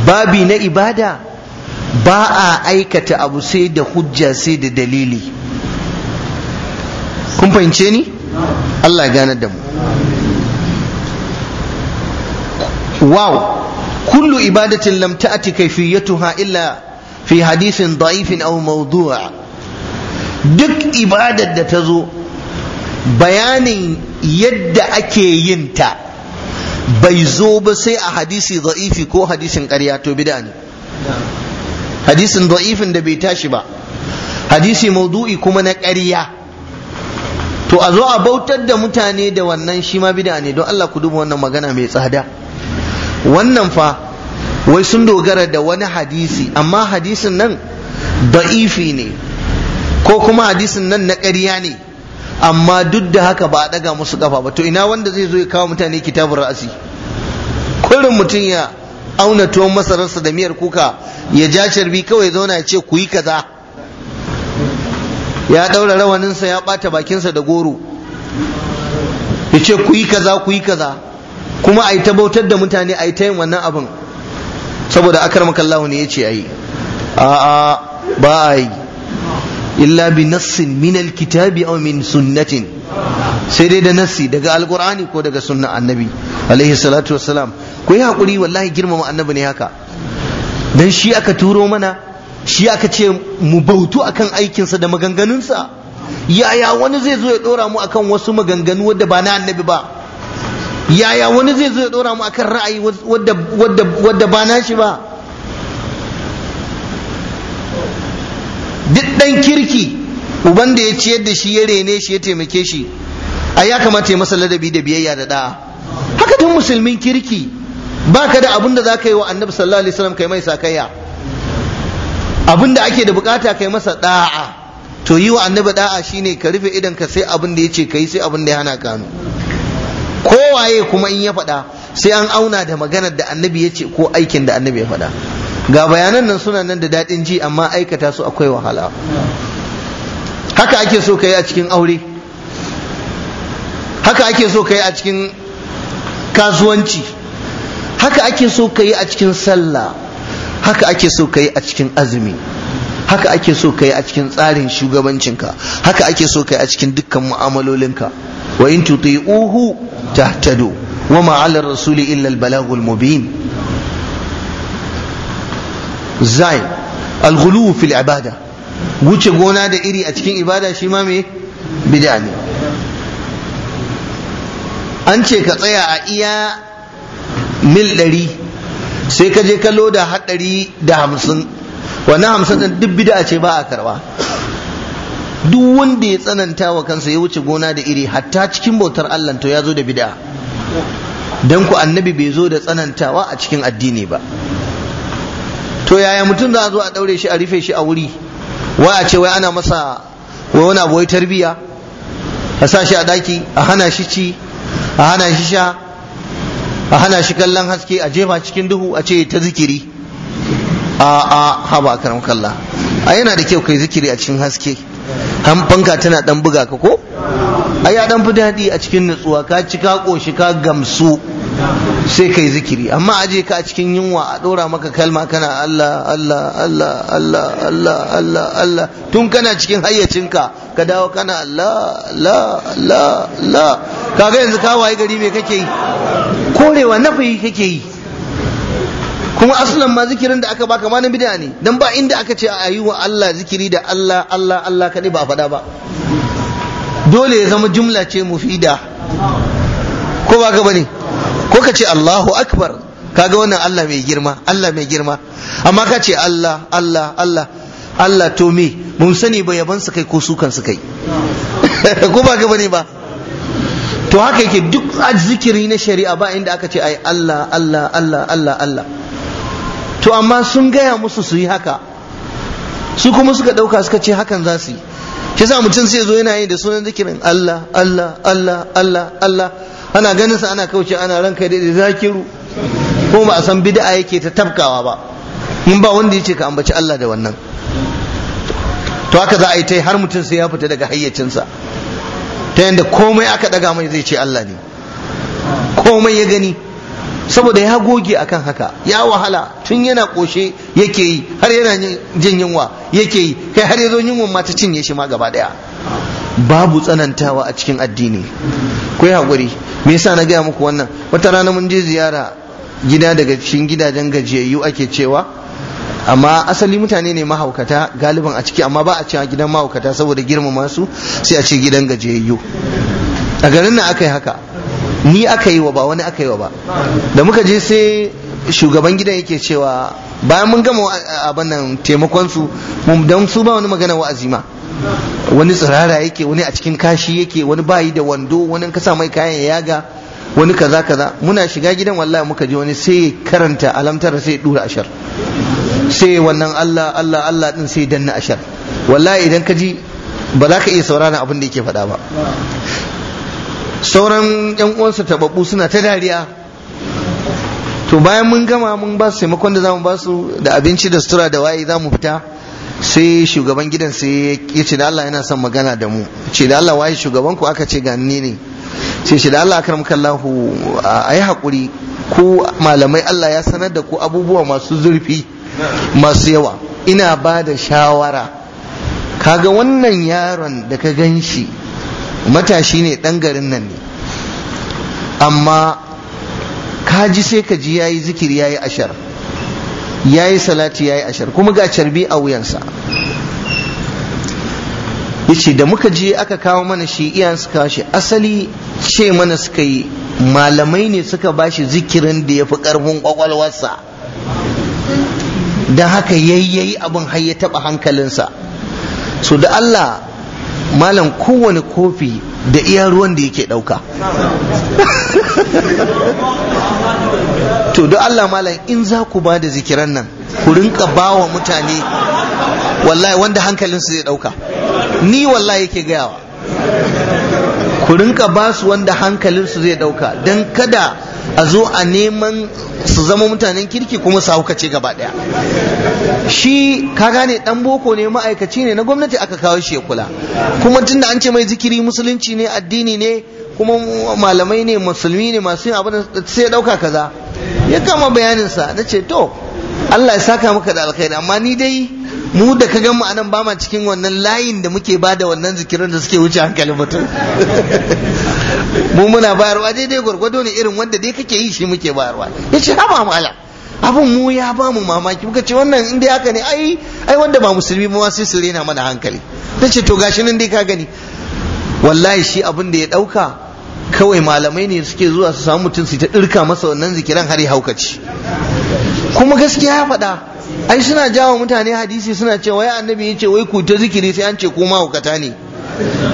babi na ibada ba a aikata abu sai da hujja sai da dalili kun fahimce ni allah ya ganar da mu واو kullu إبادة لم تأتي كيفيتها illa fi حديث ضعيف أو موضوع duk ibadar da ta zo bayanin yadda ake yin ta bai zo ba sai a hadisi za'ifi ko hadisin ƙarya to bida ne hadisin za'ifin da bai tashi ba hadisi maudu'i kuma na ƙarya to a zo a bautar da mutane da wannan shi ma bida ne don Allah ku duba wannan magana mai tsada wannan fa wai sun dogara da wani hadisi amma hadisin nan da'ifi ne ko kuma hadisin nan na ƙarya ne amma duk da haka ba a ɗaga musu ƙafa ba to ina wanda zai zo ya kawo mutane kitabun ra'asi kullum mutum ya auna tuwon masararsa da miyar kuka ya ja carbi kawai zauna ya ce ku yi kaza ya ɗaura rawaninsa ya ɓata bakinsa da goro ya ce ku yi kaza ku yi kaza kuma a yi ta bautar da mutane a yi ta yin wannan abin saboda akarmakallahu ne ya ce a yi a'a ba a yi illa bi nassin min alkitabi aw min sunnatin sai dai da nassi daga alqur'ani ko daga sunna annabi alaihi salatu wassalam ku yi hakuri wallahi girmama annabi ne haka dan shi aka turo mana shi aka ce mu bautu akan aikinsa da maganganunsa yaya wani zai zo ya dora mu akan wasu maganganu wadda ba na annabi ba yaya wani zai zo ya dora mu akan ra'ayi wadda ba na ba duk dan kirki uban da ya ciyar da shi ya rene shi ya taimake shi a ya kamata ya masa ladabi da biyayya da da'a haka duk musulmin kirki baka da abin da za ka yi wa annabi sallallahu alaihi wasallam kai mai sakayya abin da ake da bukata kai masa da'a to yi wa annabi da'a shine ka rufe idan ka sai abin da ya ce kai sai abin da ya hana ka kowaye kuma in ya faɗa sai an auna da maganar da annabi ya ce ko aikin da annabi ya faɗa ga bayanan nan suna nan da daɗin ji amma aikata su akwai wahala haka ake so ka yi a cikin aure haka ake so ka yi a cikin kasuwanci haka ake so ka a cikin sallah haka ake so ka yi a cikin azumi haka ake so ka yi a cikin tsarin shugabancinka haka ake so ka yi a cikin dukkan mu'amalolinka wa in tuti'uhu tahtadu wama ala rasuli illa albalagul mubin zai alghulu fil ibada wuce gona da iri a cikin ibada shima mai me ne an ce ka tsaya a iya mil ɗari sai ka je ka loda haɗari da hamsin wannan hamsin ɗin duk ce ba a karba duk wanda ya tsananta wa kansa ya wuce gona da iri hatta cikin bautar Allah to ya zo da bid'a dan ku annabi bai zo da tsanantawa a cikin addini ba to yaya mutum za a zo a daure shi a rufe shi a wuri wai a ce wai ana masa wai wani abu wai tarbiya a sa shi a daki a hana shi ci a hana shi sha a hana shi kallon haske a jefa cikin duhu a ce ta zikiri a a haba karam kalla a yana da kyau kai zikiri a cikin haske han fanka tana dan buga ka ko ai ya dan fi daɗi a cikin nutsuwa ka ci ka ƙoshi ka gamsu sai kai zikiri amma aje ka a cikin yunwa a ɗora maka kalma kana Allah Allah Allah Allah Allah Allah Allah tun kana cikin hayyacinka ka dawo kana Allah la la la kaga yanzu ka waye gari me kake yi korewa nafi kake yi kuma aslan ma zikirin da aka baka ma na bid'a ne dan ba inda aka ce a yi wa Allah zikiri da Allah Allah Allah kadai ba faɗa ba dole ya zama jumla ce mufida ko ba ka bane ko ka ce Allahu akbar kaga wannan Allah mai girma Allah mai girma amma ka ce Allah Allah Allah Allah to me mun sani ba yaban su kai ko sukan su kai ko ba ka bane ba to haka yake duk zikiri na shari'a ba inda aka ce ai Allah Allah Allah Allah Allah to amma sun gaya musu su yi haka su kuma suka ɗauka suka ce hakan za su yi shi sa mutum sai zo yana yi da sunan zikirin Allah Allah Allah Allah Allah ana ganin sa ana kauce ana ranka da zakiru ko ba a san bid'a yake ta tabkawa ba in ba wanda yace ka ambaci Allah da wannan to haka za a yi ta har mutum sai ya fita daga sa ta yanda komai aka daga mai zai ce Allah ne komai ya gani saboda ya goge akan haka ya wahala tun yana koshe yake yi har yana jin yunwa yake yi kai har yazo yunwa ma ta cinye shi ma gaba daya babu tsanantawa a cikin addini ko ya hakuri me yasa na gaya muku wannan wata rana mun je ziyara gida daga cikin gidajen gajiyayyu ake cewa amma asali mutane ne mahaukata galiban a ciki amma ba a cewa gidan mahaukata saboda girmama su sai a ce gidan gajiyayyu a garin nan aka haka ni aka yi wa ba wani aka yi wa ba da muka je sai shugaban gidan yake cewa bayan mun gama abin nan taimakon su don su ba wani magana wa'azi ma wani tsirara yake wani a cikin kashi yake wani bayi da wando wani ka sa mai kayan yaga wani kaza kaza muna shiga gidan wallahi muka je wani sai karanta alamtar sai dura ashar sai wannan Allah Allah Allah din sai danna ashar wallahi idan ka ji ba za ka iya saurana abin da yake faɗa ba sauran yan uwansa tababbu suna ta dariya to bayan mun gama mun ba su taimakon da za mu ba su da abinci da sutura da waye za mu fita sai shugaban gidan sai ya ce da Allah yana son magana da mu ce da Allah waye shugaban ku aka ce ga ni ne ce shi da Allah akramaka Allahu ayi hakuri ko malamai Allah ya sanar da ku abubuwa masu zurfi masu yawa ina ba da shawara kaga wannan yaron da ka gan shi matashi ne ɗan garin nan ne amma kaji sai ka ji yayi zikiri yayi ashar yayi salati yayi ashar kuma ga carbi a wuyansa yace da muka je aka kawo mana shi iyan suka kawo shi asali ce mana suka yi malamai ne suka bashi zikirin da ya fi ƙarfin kwakwalwarsa don haka yayyayi abin har ya taɓa hankalinsa so da Allah malam kowane kofi da iya ruwan da yake ɗauka to don Allah malam in za ku ba da zikiran nan ku rinka ba wa mutane wallahi wanda hankalinsu zai ɗauka ni wallahi yake gayawa ku rinka ba su wanda hankalinsu zai ɗauka don kada a zo a neman su zama mutanen kirki kuma su haukace gaba daya shi ka gane dan boko ne ma'aikaci ne na gwamnati aka kawo shi ya kula kuma tunda an ce mai zikiri musulunci ne addini ne kuma malamai ne musulmi ne masu yin abin sai dauka kaza ya kama bayaninsa na ce to Allah ya saka maka da alkhairi amma ni dai mu da ka gan mu anan ba ma cikin wannan layin da muke ba da wannan zikirin da suke wuce hankalin mutum mu muna bayarwa dai gwargwado ne irin wanda dai kake yi shi muke bayarwa ya ce haba ala. abin mu ya ba mu mamaki muka ce wannan in dai haka ne ai ai wanda ba musulmi ba sai su rena mana hankali ta ce to gashi nan dai ka gani wallahi shi abun da ya ɗauka. kawai malamai ne suke zuwa su samu mutum su ta dirka masa wannan zikiran har ya haukaci kuma gaskiya ya faɗa ai suna jawo mutane hadisi suna cewa wai annabi ya ce wai ku ta zikiri sai an ce ko mahaukata ne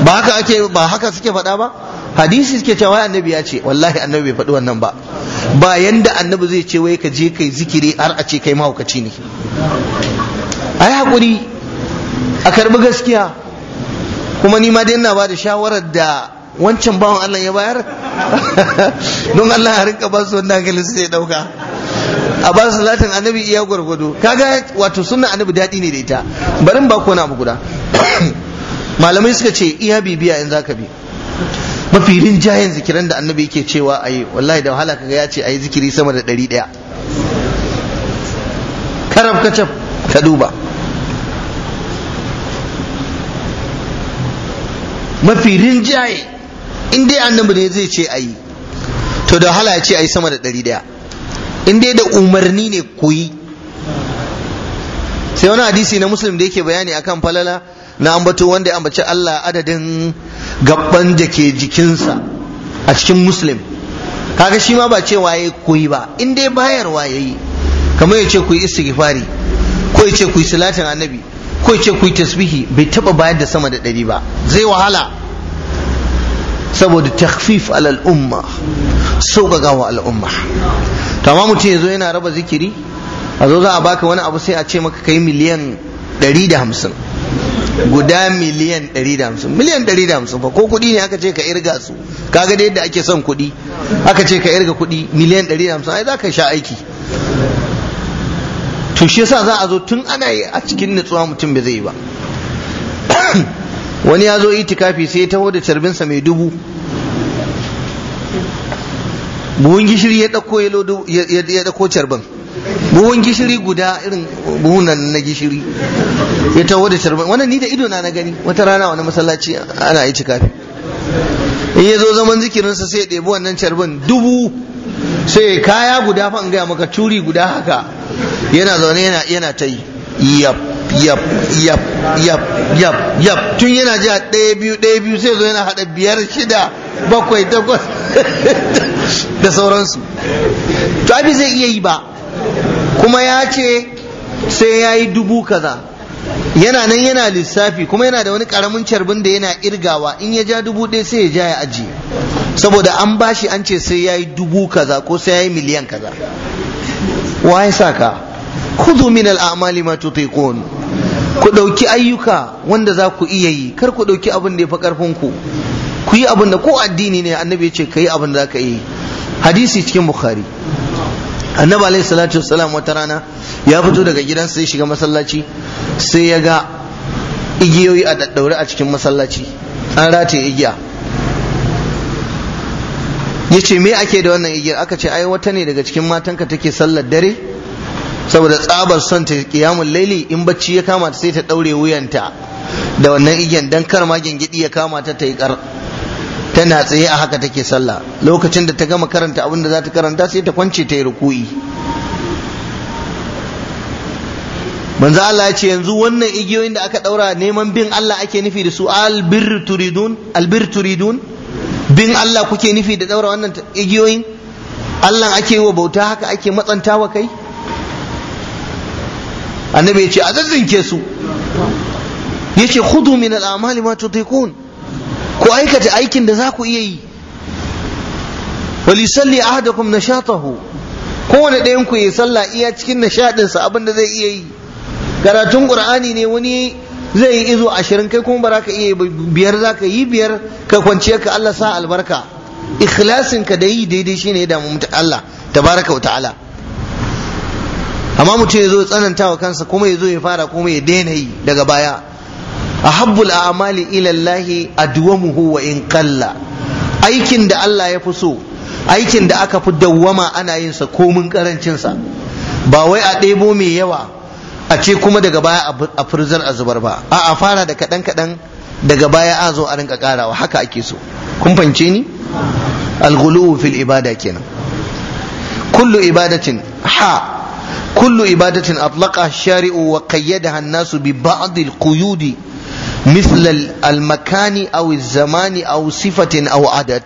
ba haka ake ba haka suke faɗa ba hadisi suke ce wai annabi ya ce wallahi annabi bai faɗi wannan ba ba yanda annabi zai ce wai ka je kai zikiri har a ce kai mahaukaci ne ai hakuri a karbi gaskiya kuma ni ma dai ina ba da shawarar da wancan bawan Allah ya bayar don Allah ya rinka ba su wannan hankali su zai dauka a ba su latin annabi iya gwargwado kaga wato sunna annabi daɗi ne da ita barin ba ku abu guda malamai suka ce iya bibiya in zaka bi mafi rinjayen zikiran da annabi yake cewa a yi wallahi da wahala kaga ya ce a yi zikiri sama da ɗari ɗaya karab kacaf ka duba mafi rinjaye in dai annabi ne zai ce ayi to da wahala ya ce ayi sama da ɗari ɗaya in dai da umarni ne koyi sai wani hadisi na muslim da yake bayani akan falala na ambato wanda ya ambaci Allah adadin gabban da ke jikinsa a cikin muslim kaga shi ma ba ce waye koyi ba in dai bayar waye yi kamar ya ce ku yi istighfari ko ya ce ku yi salatin annabi ko ya ce ku tasbihi bai taba bayar da sama da ɗari ba zai wahala saboda takhfif alal umma sauƙaƙa wa al'umma to amma mutum ya zo yana raba zikiri a zo za a baka wani abu sai a ce maka kai miliyan 150 guda miliyan 150 miliyan 150 fa ko kuɗi ne aka ce ka irga su kaga da yadda ake son kuɗi aka ce ka irga kuɗi miliyan 150 ai za ka sha aiki to shi yasa za a zo tun ana yi a cikin nutsuwa mutum bai zai yi ba wani ya zo itikafi sai ya taho da carbinsa mai dubu buhun gishiri ya ɗauko carbin buhun gishiri guda irin buhunan na gishiri ya taho da carbin wannan ni da ido na na gani wata rana wani masallaci ana yi cikafi in ya zo zaman zikirinsa sai ya ɗebi wannan carbin dubu sai kaya guda fa in gaya maka curi guda haka yana zaune yana ta yi yab yap yap yap yap yap tun yana ja ɗaya biyu ɗaya biyu sai zo yana haɗa biyar shida bakwai takwas da sauransu to abi zai iya yi ba kuma ya ce sai ya yi dubu kaza yana nan yana lissafi kuma yana da wani karamin carbin da yana irgawa in ya ja dubu ɗaya sai ya ja ya ajiye saboda an bashi an ce sai ya yi dubu kaza ko sai ya yi miliyan kaza waye saka kudu min al'amali amali ma tutiqun ku ɗauki ayyuka wanda za ku iya yi kar ku ɗauki abin da ya fi ƙarfinku ku yi abin da ko addini ne annabi ya ce ka yi abin da za ka yi hadisi cikin bukhari annabi alayhi salatu wassalam wata rana ya fito daga gidansa sai shiga masallaci sai ya ga igiyoyi a daddaure a cikin masallaci an rataye igiya ya ce me ake da wannan igiyar aka ce ai wata ne daga cikin matanka take sallar dare saboda tsabar son ta kiyamun laili in bacci ya kama sai ta daure wuyanta da wannan igiyan dan kar ma gingidi ya kama ta ta yi kar tana tsaye a haka take sallah lokacin da ta gama karanta abin da za ta karanta sai ta kwance ta yi ruku'i manzo Allah ya ce yanzu wannan igiyoyin da aka daura neman bin Allah ake nufi da su albir turidun bin Allah kuke nufi da daura wannan igiyoyin Allah ake yi wa bauta haka ake matsantawa kai annabi ya ce a zazzinke su ya ce hudu min al'amali ma tutikun ku aikata aikin da za ku iya yi walisalli ahadakum nashatahu kowane ɗayan ku yi sallah iya cikin nishaɗinsa abin da zai iya yi karatun qur'ani ne wani zai yi izo ashirin kai kuma baraka iya biyar za ka yi biyar ka kwanciya ka Allah sa albarka ikhlasin ka da yi daidai shine ya damu Allah tabaraka wa ta'ala amma mutum ya zo tsananta wa kansa kuma ya zo ya fara kuma ya daina yi daga baya a ahabbul a'mali ilallahi Allah muhu wa in kalla. aikin da Allah ya fi so aikin da aka fi dawwama ana yin sa komin karancin ba wai a ɗebo mai yawa a ce kuma daga baya a furzar a zubar ba a a fara da kaɗan kaɗan daga baya a zo a rinka ƙarawa haka ake so kun fance ni alghulu fil ibada kenan kullu ibadatin ha كل إبادة أطلقها الشارع وقيدها الناس ببعض القيود مثل المكان أو الزمان أو صفة أو عدد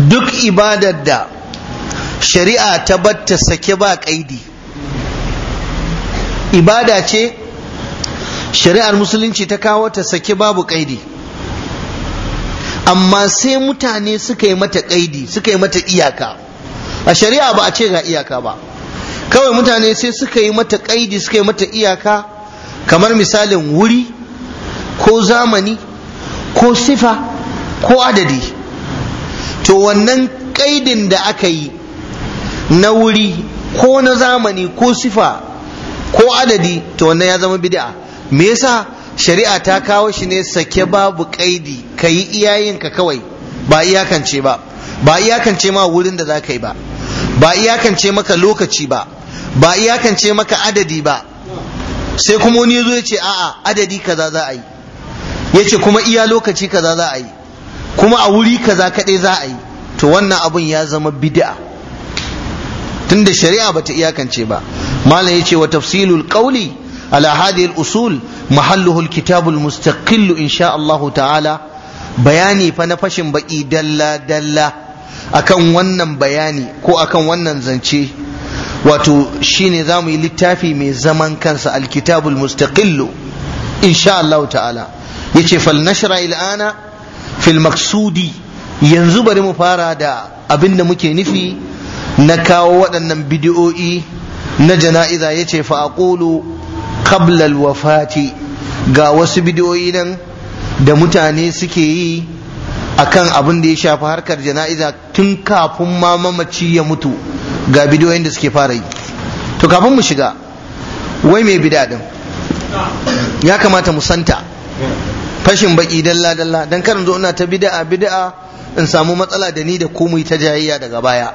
duk ibadar da shari'a ta batta sake ba kaidi ibada ce shari'ar musulunci ta kawo ta sake babu kaidi amma sai mutane suka yi mata kaidi suka yi mata iyaka a shari'a ba a ce ga iyaka ba kawai mutane sai suka yi mata kaidi suka yi mata iyaka kamar misalin wuri ko zamani ko sifa ko adadi to wannan kaidin da aka yi na wuri ko na zamani ko sifa ko adadi to wannan ya zama bid'a me yasa shari'a ta kawo shi ne sake babu kaidi ka yi iyayenka kawai ba iyakance ba ba iyakance ma wurin da za ka yi ba ba iyakance maka lokaci ba ba iyakance maka adadi ba sai kuma wani zo ya ce a'a adadi kaza za a yi ya ce kuma iya lokaci kaza za a yi kuma a wuri kaza kaɗai za a yi to wannan abun ya zama bid'a tunda shari'a bata iyakance ba malam ya ce wa tafsilul qawli على هذه الأصول محله الكتاب المستقل إن شاء الله تعالى بياني فنفشن بقي دلا akan wannan bayani ko akan wannan zance wato shine za mu yi littafi mai zaman kansa alkitabul mustaqillu insha ta'ala yace fal nashra il'ana fil maqsudi yanzu bari mu fara da abin da muke nufi na kawo waɗannan bidiyo'i na jana'iza yace fa aqulu qabla wafati ga wasu bidiyoyi nan da mutane suke yi akan abin da ya shafi harkar jana'iza tun kafin ma mamaci ya mutu ga bidiyoyin da suke fara yi to kafin mu shiga wai mai bida din ya kamata mu santa fashin baki dalla dalla dan karin zo ina ta bid'a bid'a in samu matsala da ni da ku mu ta jayayya daga baya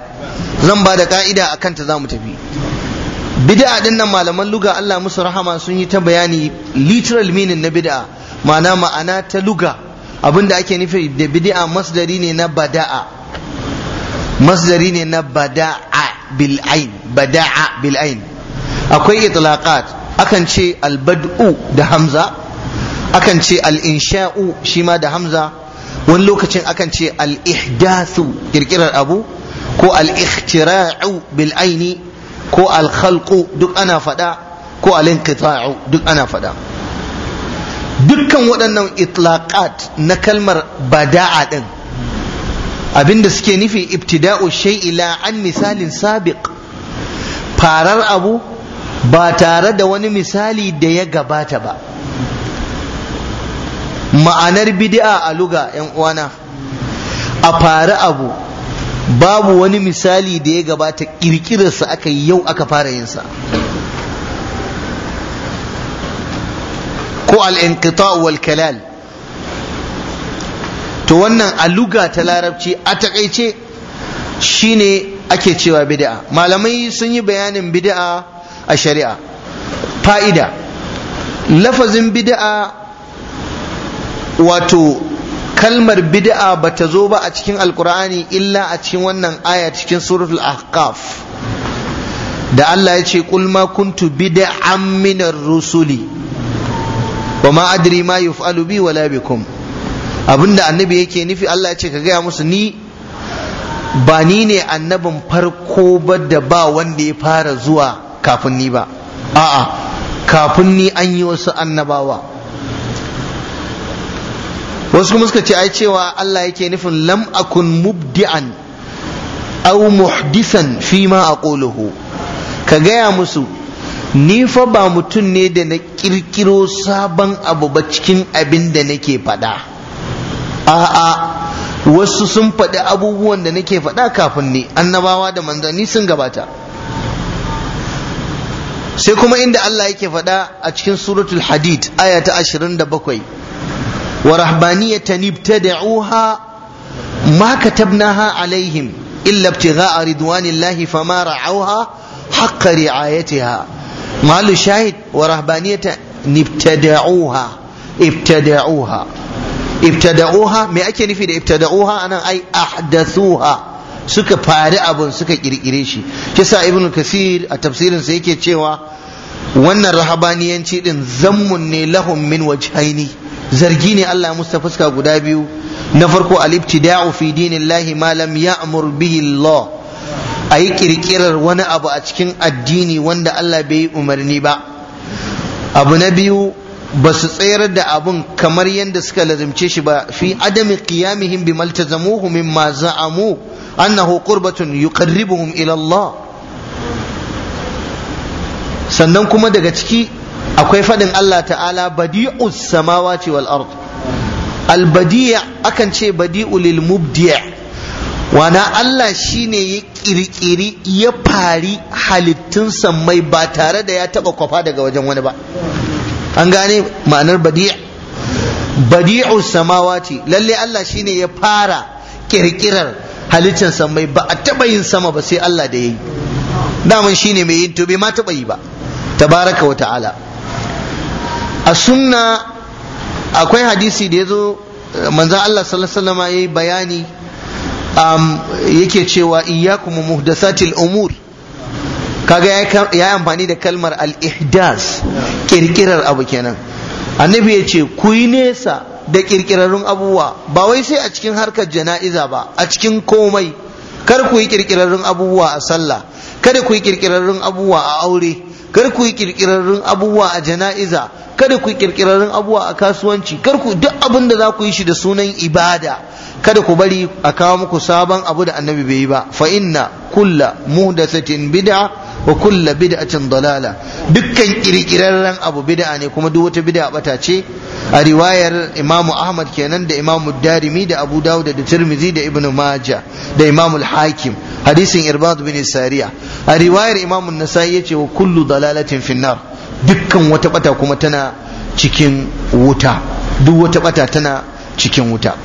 zan ba da ka'ida akan ta za mu tafi bid'a din nan malaman luga Allah musu rahama sun yi ta bayani literal meaning na bid'a ma'ana ma'ana ta luga abinda ake nufi da bid'a masdari ne na bada'a masdari ne na bada'a bil ain bada'a bil ain akwai itlaqat akan ce al bad'u da hamza akan ce al insha'u shima da hamza wani lokacin akan ce al ihdathu kirkirar abu ko al ikhtira'u bil aini ko alkhalqu duk ana faɗa ko alinqita'u duk ana faɗa dukkan waɗannan itlaqat na kalmar bada'a din abinda suke nufi ibtida'u shay'i la an misalin sabiq farar abu ba tare da wani misali da ya gabata ba ma'anar bid'a a luga yan uwana a fari abu babu wani misali da ya gabata ƙirƙirarsa aka yi yau aka fara yinsa ko al'inqita wal kalal to wannan aluga ta larabci a takaice shine ake cewa bid'a malamai sun yi bayanin bid'a a shari'a fa'ida lafazin bid'a wato kalmar bid'a bata zo ba a cikin alkur'ani illa a cikin wannan aya cikin suratul ahqaf da Allah ya ce qul ma kuntu bid'an min rusuli wa ma adri ma yuf'alu bi wala bikum abinda annabi yake nufi Allah ya ce ka gaya musu ni ba ni ne annabin farko ba da ba wanda ya fara zuwa kafin ni ba a'a kafin ni an yi wasu annabawa wasu kuma suka ce ai cewa Allah yake nufin lam akun mubdi'an aw muhdisan fi ma aquluhu ka gaya musu ni fa ba mutum ne da na kirkiro sabon abu ba cikin abin da nake faɗa a'a wasu sun faɗi abubuwan da nake faɗa kafin ni annabawa da manzanni sun gabata sai kuma inda Allah yake faɗa a cikin suratul hadid aya ta 27 ورهبانية ابتدعوها ما كتبناها عليهم إلا ابتغاء رضوان الله فما رعوها حق رعايتها مال شاهد ورهبانية ابتدعوها ابتدعوها ابتدعوها ما أكي نفيد ابتدعوها أنا أي أحدثوها suka fari abun suka kirkire shi kisa ibnu kasir a tafsirin sa yake cewa wannan rahabaniyanci din zammun ne lahum min wajhaini zargi ne Allah musta fuska guda biyu na farko al fi dinillahi ma lam ya'mur bihi Allah ayi kirkirar wani abu a cikin addini wanda Allah bai yi umarni ba abu na biyu ba su tsayar da abun kamar yadda suka lazimce shi ba fi adami qiyamihim bi maltazamuhu mimma za'amu annahu qurbatun yuqarribuhum ila Allah sannan kuma daga ciki akwai faɗin Allah ta'ala badi'us samawati wal ard al badi'a akan ce badi'u lil mubdi' wana Allah shine ya kirkiri ya fari halittun samai ba tare da ya taba kwafa daga wajen wani ba an gane ma'anar badi'a badi'u samawati lalle Allah shine ya fara kirkirar halittun sammai ba a taba yin sama ba sai Allah da yayi daman shine mai yin to bai ma taba yi ba tabaraka wa ta'ala a sunna akwai hadisi da ya zo manzan Allah sallallahu ya yi bayani um, yake cewa iyyakum Muhdasatil umur kaga ya yi amfani da kalmar al-ihdas kirkirar abu kenan annabi ya ce ku yi nesa da kirkirarrun abubuwa ba wai sai a cikin harkar jana'iza ba a cikin komai kar ku yi kirkirarrun abubuwa a sallah kada ku yi kirkirarrun abubuwa a aure kar ku yi kirkirarrun abubuwa a jana'iza kada ku yi kirkirarrun abubuwa a kasuwanci kar ku duk abin da za ku yi shi da sunan ibada kada ku bari a kawo muku sabon abu da annabi bai yi ba fa inna kulla muhdathatin bid'a wa kulla bid'atin dalala dukkan kirkirarren abu bid'a ne kuma duk wata bid'a bata ce a riwayar imamu ahmad kenan da imamu darimi da abu dawud da tirmizi da ibnu maja da imamu hakim hadisin irbad bin sariya a riwayar imamu nasa'i ce wa kullu dalalatin finnar dukkan wata bata kuma tana cikin wuta duk wata bata tana cikin wuta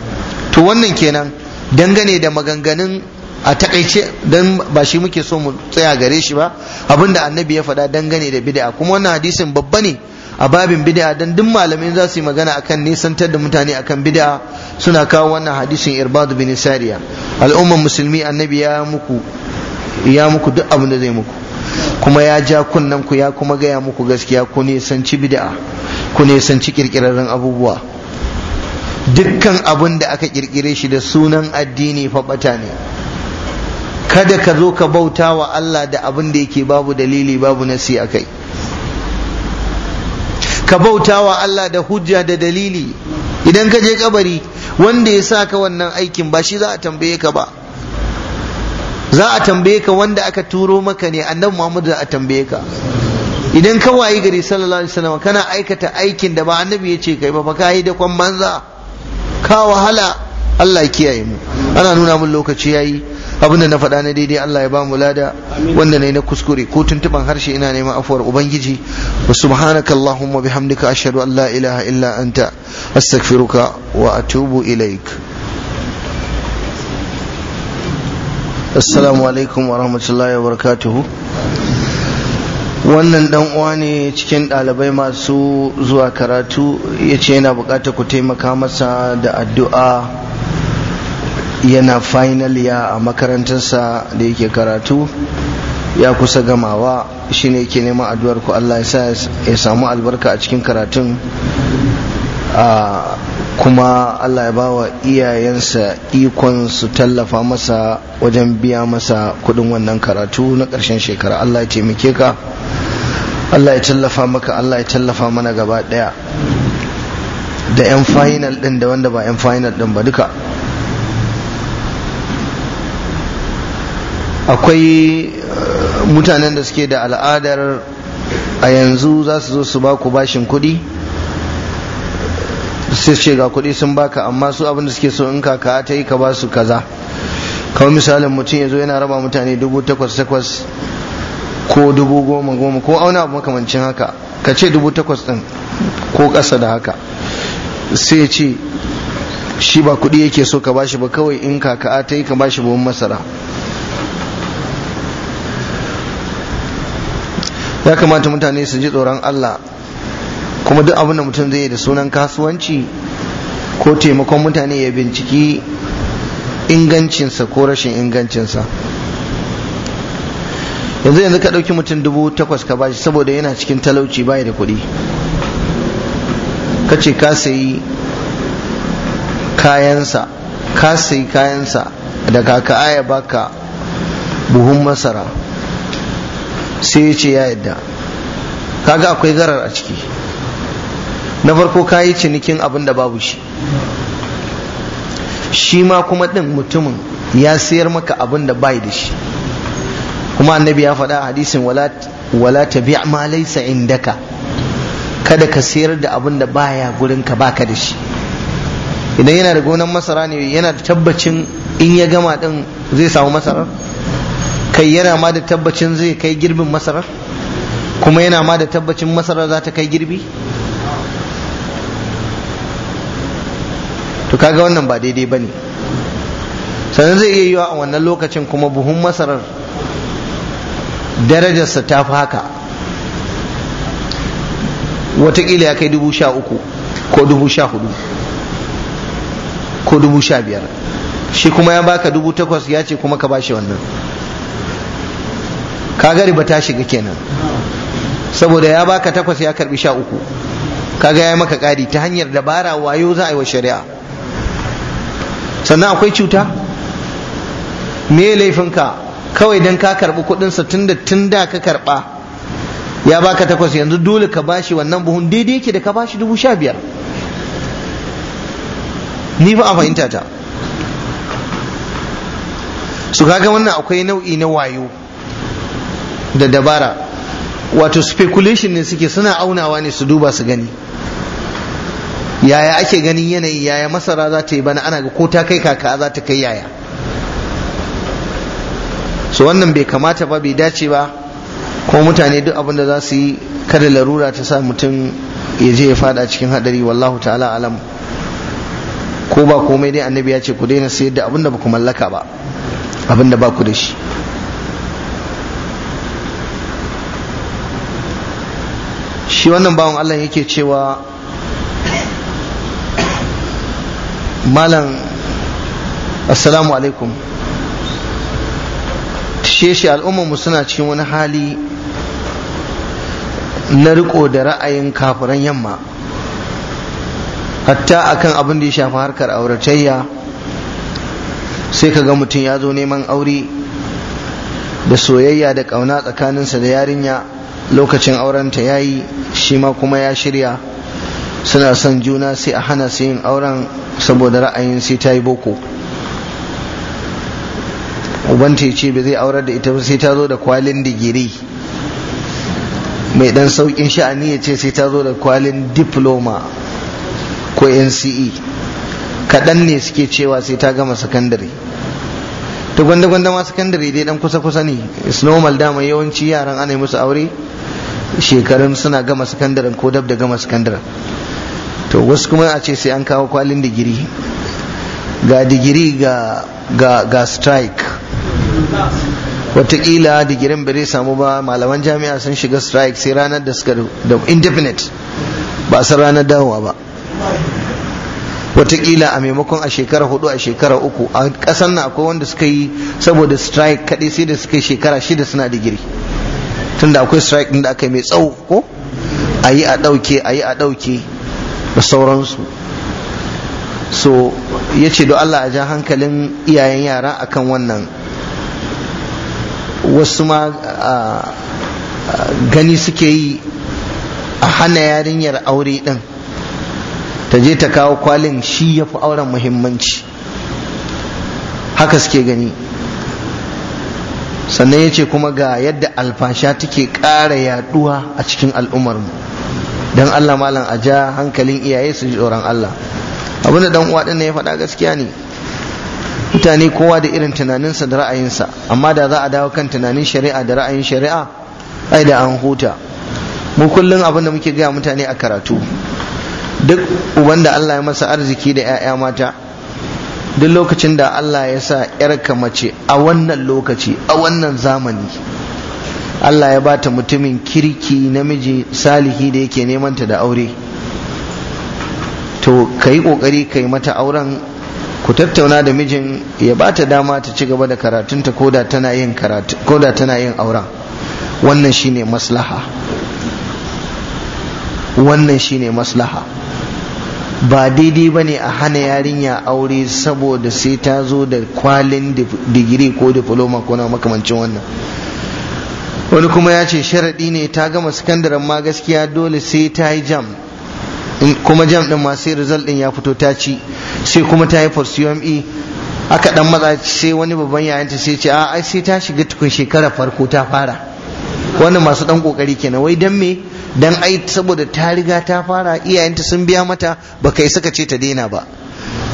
to wannan kenan dangane da maganganun a takaice dan ba shi muke so mu tsaya gare shi ba abinda annabi ya faɗa dangane da bid'a kuma wannan hadisin babba ne a babin bid'a dan duk malamai za su yi magana akan nisantar da mutane akan bid'a suna kawo wannan hadisin irbadu bin sariya al'umman musulmi annabi ya muku ya muku duk abin da zai muku kuma ya ja kunnen ku ya kuma gaya muku gaskiya ku nisanci bid'a ku nisanci kirkirarren abubuwa dukkan abin da aka kirkire shi da sunan addini faɓata ne kada ka zo ka bauta wa Allah da abin da yake babu dalili babu nasi a kai ka bauta wa Allah da hujja da dalili idan ka je kabari wanda ya saka wannan aikin ba shi za a tambaye ka ba za a tambaye ka wanda aka turo maka ne annabi Muhammad za a tambaye ka idan ka wayi gari sallallahu alaihi wasallam kana aikata aikin da ba annabi ya ce kai ba fa kai da kwan banza ka wahala Allah ya kiyaye mu ana nuna min lokaci yayi abinda na faɗa na daidai Allah ya ba mu lada wanda ne na kuskure ko tuntuban harshe ina neman afuwar ubangiji wa subhanaka allahumma bihamdika ashhadu an la ilaha illa anta astaghfiruka wa atubu ilaik assalamu alaikum wa rahmatullahi wa wannan dan uwa ne cikin ɗalibai masu zuwa karatu ya ce yana buƙatar ku taimaka masa da addu'a yana final ya a makarantarsa da yake karatu ya kusa gamawa shine ke neman addu'ar ku Allah ya samu albarka a cikin karatun kuma Allah ya bawa iyayensa ikon su tallafa masa wajen biya masa kudin wannan karatu na ƙarshen shekara Allah ya taimake ka Allah ya tallafa maka Allah ya tallafa mana gaba ɗaya da 'yan final ɗin da wanda ba 'yan final ɗin ba duka akwai uh, mutanen da suke da al'adar a yanzu za su zo su ba ku bashin kuɗi sai ce ga kuɗi sun baka amma su abin da suke so in ka ta yi ka ba su kaza kawai misalin mutum ya zo yana raba mutane dubu takwas takwas ko dubu goma goma ko auna abu makamancin haka ka ce dubu takwas ɗin ko ƙasa da haka sai ce shi ba kuɗi yake so ka bashi ba kawai in ka ta yi ka bashi buhun masara ya kamata mutane su ji tsoron Allah kuma duk abin da mutum zai da sunan kasuwanci ko taimakon mutane ya binciki ingancinsa ko rashin ingancinsa yanzu yanzu ka ɗauki mutum dubu takwas ka bashi saboda yana cikin talauci baya da kuɗi ka ce ka sayi kayansa ka sayi kayansa da kaka aya baka buhun masara sai ya ce ya yadda kaga akwai garar a ciki na farko ka yi cinikin abin da babu shi shi ma kuma ɗin mutumin ya sayar maka abin da bai da shi kuma annabi ya faɗa a hadisin wala biya ma laysa indaka kada ka sayar da abin da baya gurin ka baka da shi idan yana da gonan masara ne yana da tabbacin in ya gama ɗin zai samu masarar kai yana ma da tabbacin zai kai girbin masarar kuma yana ma da tabbacin masarar za ta kai girbi to kaga wannan ba daidai ba ne sannan zai iya yiwa a wannan lokacin kuma buhun masarar darajarsa ta fi haka watakila ya kai dubu sha uku ko dubu sha hudu ko dubu sha biyar shi kuma ya baka dubu takwas ya ce kuma ka bashi wannan Ka gari ba ta shiga kenan saboda ya baka takwas ya karbi sha uku kaga ya maka kari ta hanyar dabara wayo za a yi wa shari'a sannan akwai cuta me laifinka kawai don ka karbi kudinsa tunda tunda ka karba ya baka takwas yanzu dole ka bashi wannan buhun daidai yake da ka bashi dubu sha biyar ni ba a fahimta ta su kaga wannan akwai nau'i na wayo da dabara wato speculation ne suke suna aunawa ne su duba su gani yaya ake ganin yanayi yaya masara za ta yi bana ana ga ko ta kai kaka za ta kai yaya so wannan bai kamata ba bai dace ba ko mutane duk abinda da za su yi kada larura ta sa mutum ya je ya fada cikin hadari wallahu ta'ala alam ko ba komai dai annabi ya ce ku daina sayar da abin da ba ku mallaka ba abin da ba ku da shi shi wannan bawan Allah yake cewa malam assalamu alaikum sheshe al'ummarmu suna cikin wani hali na riko da ra'ayin kafiran yamma hatta akan abin da ya shafi harkar auratayya sai ka ga mutum ya zo neman aure da soyayya da ƙauna tsakaninsa da yarinya lokacin aurenta ya yi shi ma kuma ya shirya suna son juna sai a hana su yin auren saboda ra'ayin sai ta yi boko ubanta ya ce ba zai aurar da ita ba sai ta zo da kwalin digiri mai dan saukin sha'ani ya ce sai ta zo da kwalin diploma ko nce kaɗan ne suke cewa sai ta gama sakandare ta gwanda gwanda ma sakandare dai dan kusa kusa ne is normal dama yawanci yaran ana musu aure shekarun suna gama sakandaren ko dab da gama sakandaren to wasu kuma a ce sai an kawo kwalin digiri ga digiri ga ga ga strike watakila digirin bai samu ba malaman jami'a sun shiga strike sai ranar da suka da indefinite ba san ranar dawowa ba watakila a maimakon a shekara hudu a shekara uku a kasan nan akwai wanda suka yi saboda strike kadai sai da suka yi shekara shida suna digiri tunda akwai strike da aka yi mai tsawo ko a yi a ɗauke a yi a ɗauke da sauransu so ya ce do Allah a ja hankalin iyayen yara akan wannan wasu ma gani suke yi a hana yarinyar aure ɗin ta je ta kawo kwalin shi ya fi auren muhimmanci haka suke gani sannan ya ce kuma ga yadda alfasha take ƙara yaduwa a cikin al'ummarmu don allah malam a ja hankalin iyaye su ji tsoron allah abinda dan uwa ɗin ya faɗa gaskiya ne mutane kowa da irin tunaninsa da ra'ayinsa amma da za a dawo kan tunanin shari'a da ra'ayin shari'a ai da an huta mu kullum abin da muke gaya mutane a karatu duk uban da Allah ya masa arziki da 'ya'ya mata duk lokacin da Allah ya sa 'yarka mace a wannan lokaci a wannan zamani Allah ya ba ta mutumin kirki namiji salihi da yake neman ta da aure to ka yi ƙoƙari ka yi mata auren ku tattauna da mijin ya ba ta dama ta ci gaba da karatunta ko da tana yin auren wannan shine maslaha wannan shine maslaha ba daidai ba ne a hana yarinya aure saboda sai ta zo da kwalin digiri ko diploma ko na makamancin wannan wani kuma ya ce sharaɗi ne ta gama sakandaren ma gaskiya dole sai ta yi jam kuma jam ɗin ma sai result ɗin ya fito ta ci sai kuma ta yi for cme aka ɗan matsa sai wani babban yayanta sai ce a sai ta shiga tukun shekara farko ta fara wannan masu ɗan ƙoƙari kenan wai dan me dan ai saboda ta riga ta fara iyayenta sun biya mata ba kai suka ce ta daina ba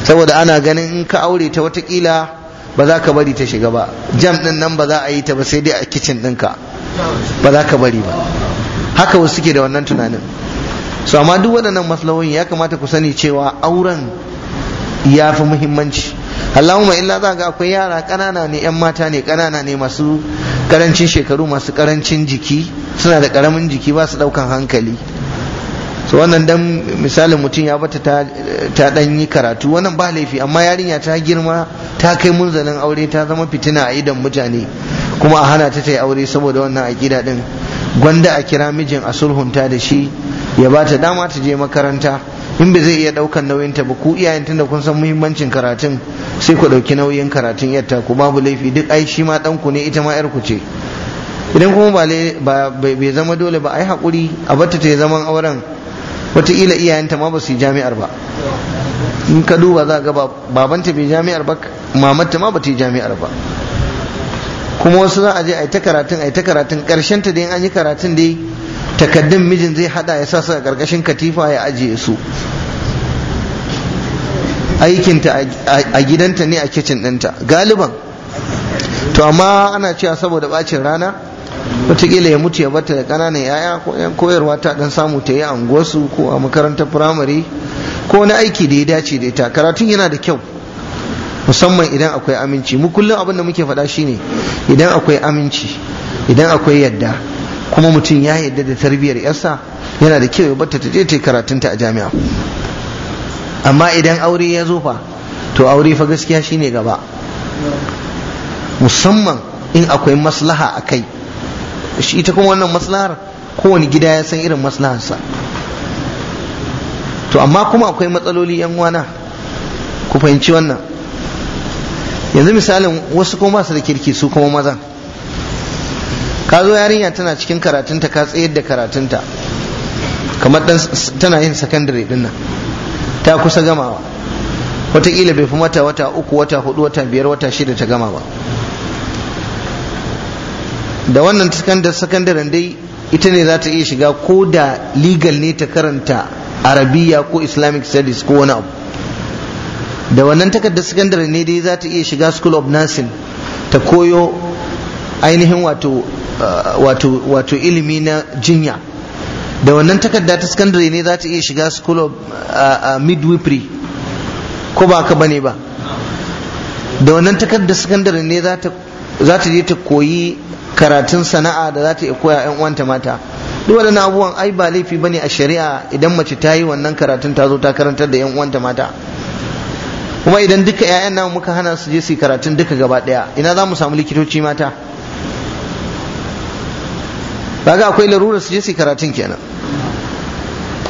saboda ana ganin in ka aure ta watakila ba za ka bari ta shiga ba jam din nan ba za a yi ta ba sai dai a kicin ɗinka ba za ka bari ba haka wasu suke da wannan tunanin so amma duk waɗannan maslahohin ya kamata ku sani cewa auren ya fi muhimmanci Allahumma illa za ga akwai yara ƙanana ne 'yan mata ne ƙanana ne masu ƙarancin shekaru masu ƙarancin jiki suna da ƙaramin jiki ba su ɗaukan hankali so wannan dan misalin mutum ya bata ta, ta ɗan yi karatu wannan ba laifi amma yarinya ta girma ta kai munzalin aure ta zama fitina a idon mutane kuma a hana ta ta yi aure saboda wannan aƙida din gwanda a kira mijin a sulhunta da shi ya bata dama ta je makaranta in ba zai iya daukan nauyin ta ba ku iyayen tunda kun san muhimmancin karatun sai ku dauki nauyin karatun yatta ku babu laifi duk ai shi ma dan ku ne ita ma yar ku ce idan kuma ba bai zama dole ba ai hakuri a batta ta zaman auren wataƙila ta ma ba su yi jami'ar ba in ka duba za ga baban ta bai jami'ar ba ta ma ba ta yi jami'ar ba kuma wasu za a je a yi ta karatun a yi ta karatun ƙarshen ta dai an yi karatun dai takaddun mijin zai hada ya sa su a ƙarƙashin katifa ya ajiye su aikinta a gidanta ne a kicin ɗinta galiban to amma ana cewa saboda bacin rana wataƙila ya mutu ya bata da ƙananan yaya ko yan koyarwa ta dan samu ta yi a ko a makarantar firamare ko wani aiki da ya dace da ita karatun yana da kyau musamman idan akwai aminci mu kullum abin da muke faɗa shine idan akwai aminci idan akwai yadda kuma mutum ya yi da tarbiyyar yarsa yana da kyau batta ta je ta karatunta a jami'a amma idan aure ya zo fa to aure fa gaskiya shine gaba musamman in akwai maslaha a kai shi ita kuma wannan maslahar kowane gida ya san irin maslaharsa to amma kuma akwai matsaloli yan wana ku fahimci wannan yanzu misalin wasu kuma ba su da kirki su kuma mazan ka zo yarinya tana cikin karatunta ka tsayar da karatunta kamar dan tana yin sakandare din nan ta kusa gamawa wataƙila bai fi mata wata uku wata hudu wata biyar wata shida ta gama ba da wannan sakandaren dai ita ne za ta iya shiga ko da legal ne ta karanta arabiya ko islamic studies ko wani abu da wannan takardar sakandare ne dai za ta iya shiga school of nursing ta koyo ainihin wato uh, wato wato ilimi na jinya da wannan takarda ta secondary ne za ta iya shiga school of uh, uh, midwifery ko ba ka bane ba da wannan takarda secondary ne za ta je ta koyi karatun sana'a da za ta iya koya 'yan uwanta mata duk waɗannan abubuwan ai ba laifi ba ne a shari'a idan mace ta yi wannan karatun ta zo ta karantar da 'yan uwanta mata kuma idan duka 'ya'yan namu muka hana su je su yi karatun duka gaba ɗaya ina za mu samu likitoci mata kaga akwai larurar su je su karatun kenan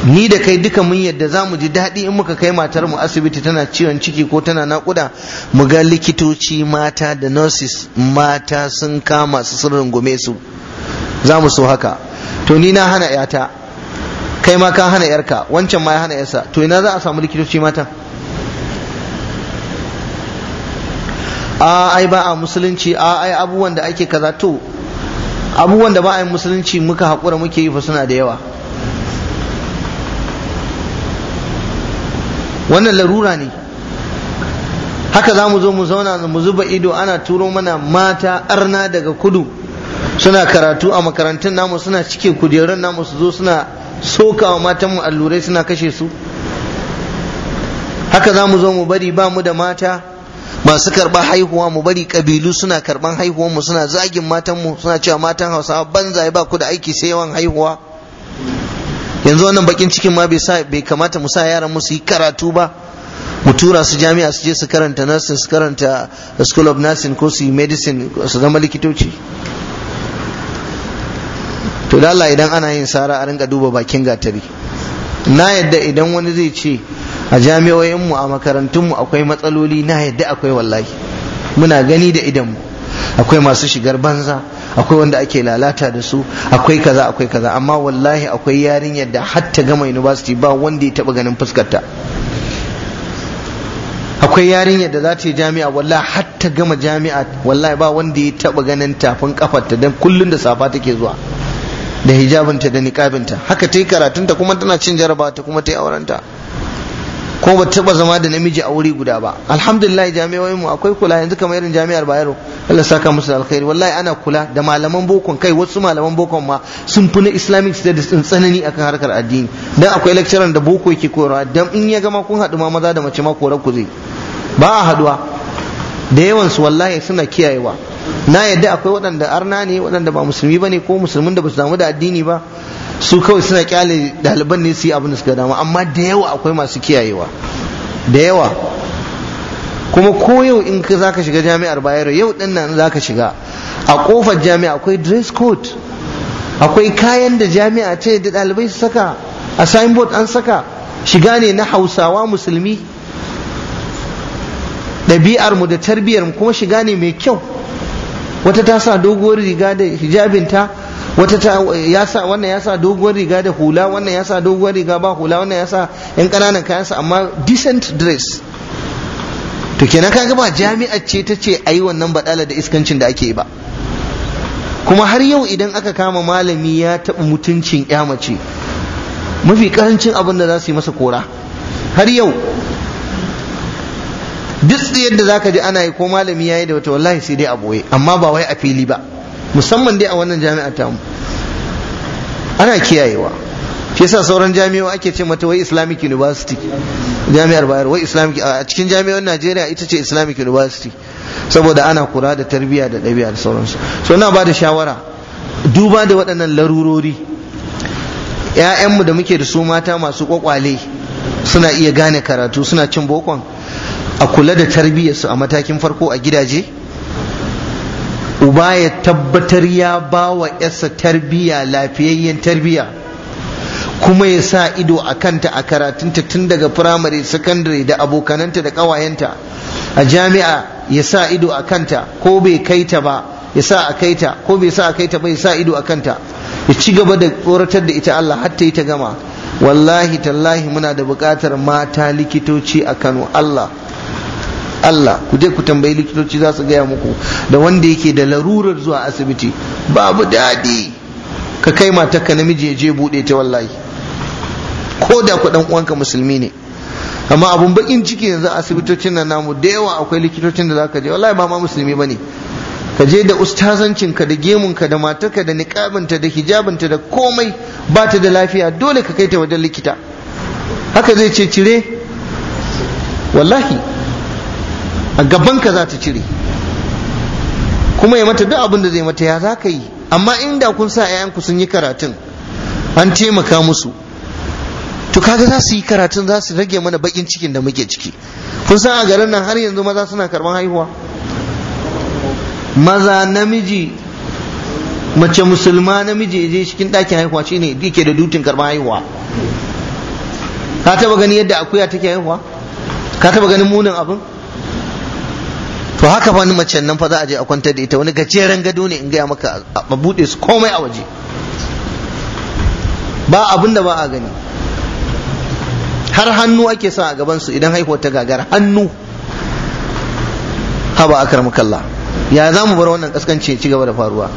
ni da kai duka mun yadda za mu ji daɗi in muka kai matar mu asibiti tana ciwon ciki ko tana naƙuda mu ga likitoci mata da nurses mata sun kama su sun rungume su za mu so haka to ni na hana yata kai ma ka hana yarka wancan ma ya hana yarsa to ina za a samu likitoci mata a ai ba a musulunci a ai abubuwan da ake kaza to abubuwan da ba a musulunci muka haƙura muke yi fa suna da yawa wannan larura ne haka za mu zo mu zauna mu zuba ido ana turo mana mata arna daga kudu suna karatu a makarantun namu suna cike kujerun namu su zo suna soka wa matanmu allurai suna kashe su haka za mu zo mu bari ba mu da mata masu karɓar haihuwa mu bari kabilu suna karban haihuwan mu suna zagin matan mu suna cewa matan hausawa banza ba ku da aiki sai yawan haihuwa yanzu wannan bakin cikin ma bai bai kamata mu sa yaran mu su yi karatu ba mu tura su jami'a su je su karanta nursing su karanta school of nursing ko su yi medicine su zama likitoci to da idan ana yin sara a rinka duba bakin gatari na yadda idan wani zai ce a jami'o'inmu a makarantunmu akwai matsaloli na yadda akwai wallahi muna gani da idanmu akwai masu shigar banza akwai wanda ake lalata da su akwai kaza akwai kaza amma wallahi akwai yarinyar da hatta gama university ba wanda ya taba ganin fuskarta akwai yarinyar da za ta yi jami'a wallahi hatta gama jami'a wallahi ba wanda ya taba ganin tafin kafarta dan kullun da safa take zuwa da hijabinta da niqabinta haka ta yi karatunta kuma tana cin jarabata kuma ta yi aurenta ko ba taba zama da namiji a wuri guda ba alhamdulillah jami'o'in mu akwai kula yanzu kamar irin jami'ar Bayero Allah saka musu alkhairi wallahi ana kula da malaman bokon kai wasu malaman bokon ma sun fi na Islamic studies din tsanani akan harkar addini dan akwai lecturer da boko yake koyarwa dan in ya gama kun haɗu ma maza da mace ma korar ku zai ba a haɗuwa da yawan su wallahi suna kiyayewa na yadda akwai waɗanda arna ne waɗanda ba musulmi bane ko musulmin da ba su damu da addini ba su kawai suna kyale ɗaliban ne su yi abin da suka dama amma da yawa akwai masu kiyayewa da yawa kuma ko yau in ka zaka shiga jami'ar bayero yau din nan zaka shiga a kofar jami'a akwai dress code akwai kayan da jami'a ce da ɗalibai su saka a signboard an saka shiga ne na hausawa musulmi ɗabi'ar da tarbiyar kuma shiga ne mai kyau wata ta sa doguwar riga da hijabinta wata ta ya sa wannan ya sa doguwar riga da hula wannan ya sa doguwar riga ba hula wannan ya sa yan ƙananan sa, amma decent dress to kenan kaga ba jami'a ce ta ce ayi wannan badala da iskancin da ake ba kuma har yau idan aka kama malami ya taɓa mutuncin ya mace mafi karancin abin da za su yi masa kora har yau duk yadda za ka ji ana yi ko malami ya yi da wata wallahi sai dai a boye amma ba wai a fili ba musamman dai a wannan jami'a ta mu ana kiyayewa shi yasa sauran jami'o ake ce mata wai islamic university jami'ar bayar wai islamic a cikin jami'ar najeriya ita ce islamic university saboda ana kula da tarbiyya da ɗabi'a da sauransu so na bada shawara duba da waɗannan larurori ƴaƴanmu da muke da su mata masu kwakwale suna iya gane karatu suna cin bokon a kula da tarbiyyarsu a matakin farko a gidaje uba ya tabbatar ya ba wa yarsa tarbiya lafiyayyen tarbiya kuma ya sa ido a kanta a karatunta tun daga firamare sakandare da abokananta da ƙawayenta a jami'a ya sa ido a kanta ko bai kai ba ya sa a kai ta ko bai sa a kai ba ya sa ido a kanta ya ci gaba da tsoratar da ita Allah har ta yi ta gama wallahi tallahi muna da buƙatar mata likitoci a Kano Allah Allah ku je ku tambayi likitoci za su gaya muku da wanda yake da larurar zuwa asibiti babu daɗi ka kai matarka namiji ya je buɗe ta wallahi ko da ku dan uwanka musulmi ne amma abun bakin ciki yanzu asibitocin nan namu da yawa akwai likitocin da zaka je wallahi ba ma musulmi bane ka je da ustazancinka da gemunka da matarka da niƙabinta da hijabinta da komai ba ta da lafiya dole ka kai ta wajen likita haka zai ce cire wallahi a gabanka za ta cire kuma ya mata duk abin da zai mata ya za ka yi amma inda kun sa 'ya'yanku sun yi karatun an taimaka musu to kaga za su yi karatun za su rage mana bakin cikin da muke ciki kun san a garin nan har yanzu maza suna karban haihuwa maza namiji mace musulma namiji je cikin ɗakin haihuwa shine yake da dutin karban haihuwa ka taba gani yadda akuya take haihuwa ka taba ganin munin abin to haka fa macen nan fa za a je a kwantar da ita wani gajeren gado ne in gaya maka a bude su komai a waje ba abin da ba a gani har hannu ake sa a gaban su idan haihuwar ta gagar hannu haba akar makalla ya za mu bar wannan kaskanci ci gaba da faruwa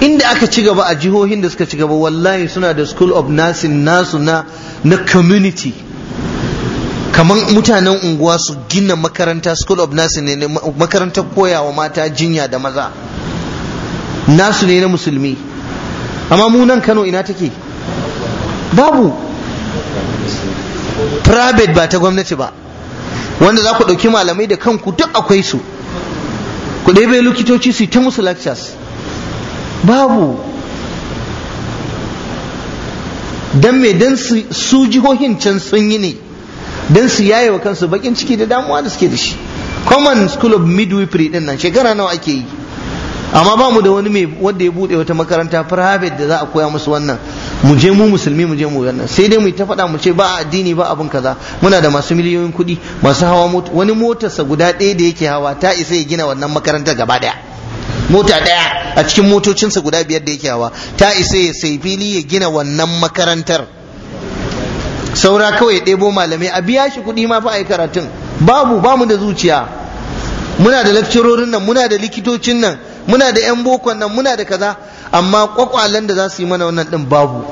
inda aka ci gaba a jihohin da suka ci gaba wallahi suna da school of nursing nasu na na community kamar mutanen unguwa su gina makaranta school of nursing ne makarantar koyawa mata jinya da maza nasu ne na musulmi amma mu nan kano ina take babu private ba ta gwamnati ba wanda za ku ɗauki malamai da kanku duk akwai su ku ɗebe likitoci su ta musu lectures babu don me don su jihohin can sun yi ne don su yaye wa kansu bakin ciki da damuwa da suke da shi common school of midwifery din nan shekara nawa ake yi amma ba mu da wani mai wanda ya bude wata makaranta private da za a koya musu wannan mu je mu musulmi mu je mu wannan sai dai mu ta faɗa mu ce ba addini ba abin kaza muna da masu miliyoyin kuɗi masu hawa mota wani motarsa guda ɗaya da yake hawa ta isa ya gina wannan makarantar gaba ɗaya mota ɗaya a cikin motocinsa guda biyar da yake hawa ta isa ya sai fili ya gina wannan makarantar saura kawai ɗebo malamai a biya shi kuɗi ma fa a yi karatun babu bamu da zuciya muna da lakcirorin nan muna da likitocin nan muna da 'yan bokon nan muna da kaza amma kwakwalen da za su yi mana wannan ɗin babu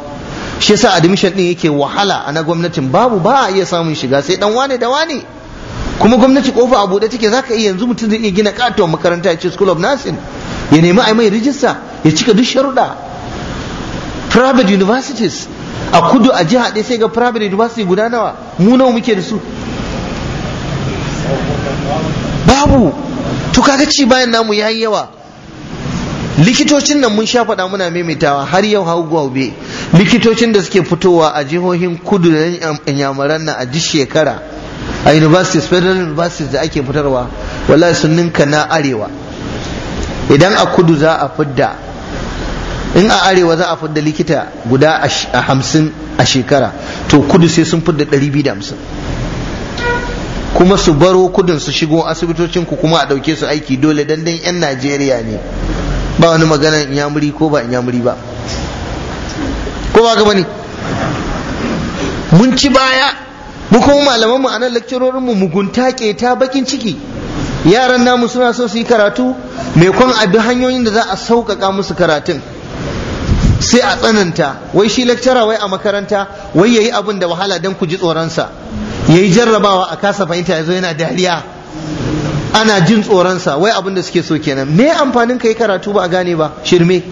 shi yasa admission ɗin yake wahala a na gwamnatin babu ba a iya samun shiga sai dan wane da wane kuma gwamnati kofa a buɗe take zaka iya yanzu mutum zai iya gina katon makaranta a ce school of nursing ya nemi a mai rijista ya cika duk sharuɗa private universities a kudu a jiha ɗaya sai ga primary university guda nawa mu nawa muke da su babu to kaga ci bayan namu yayi yawa likitocin nan mun shafaɗa muna maimaitawa har yau hau gobe likitocin da suke fitowa a jihohin kudu da yamaran nan a duk shekara a universities federal universities da ake fitarwa wallahi sun na arewa idan a kudu za a fidda in a arewa za a fidda likita guda a hamsin a shekara to kudu sai sun fidda ɗari biyu da hamsin kuma su baro kudin su shigo asibitocin ku kuma a ɗauke su aiki dole dan 'yan najeriya ne ba wani magana in muri ko ba in muri ba ko ba gaba ne mun ci baya mu kuma malaman mu anan lecturerin mu mugunta keta bakin ciki yaran namu suna so su yi karatu mai kwan abi hanyoyin da za a sauƙaƙa musu karatun sai a tsananta wai shi lecturer wai a makaranta wai yayi abin da wahala dan ku ji tsoronsa yayi jarrabawa a kasa fahimta yazo yana dariya ana jin tsoronsa wai abin da suke so kenan me amfanin kai karatu ba a gane ba shirme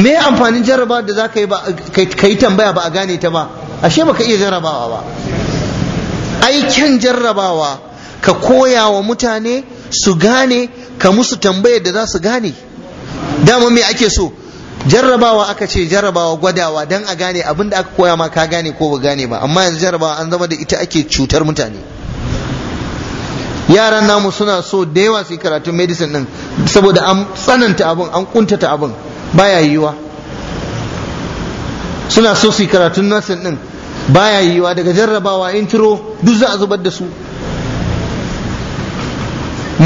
me amfanin jarrabawa da za ka yi ba kai tambaya ba a gane ta ba ashe baka iya jarrabawa ba aikin jarrabawa ka koya wa mutane su gane ka musu tambayar da za su gane dama me ake so jarrabawa aka ce jarrabawa gwadawa dan a gane abin da aka koya ma ka gane ko ba gane ba amma yanzu jarrabawa an zama da ita ake cutar mutane yaran namu suna so da yawa su yi karatun medicine din saboda an tsananta abin an kuntata abin baya yiwuwa suna so su yi karatun nursing din baya yiwuwa daga jarrabawa intro duk za a zubar da su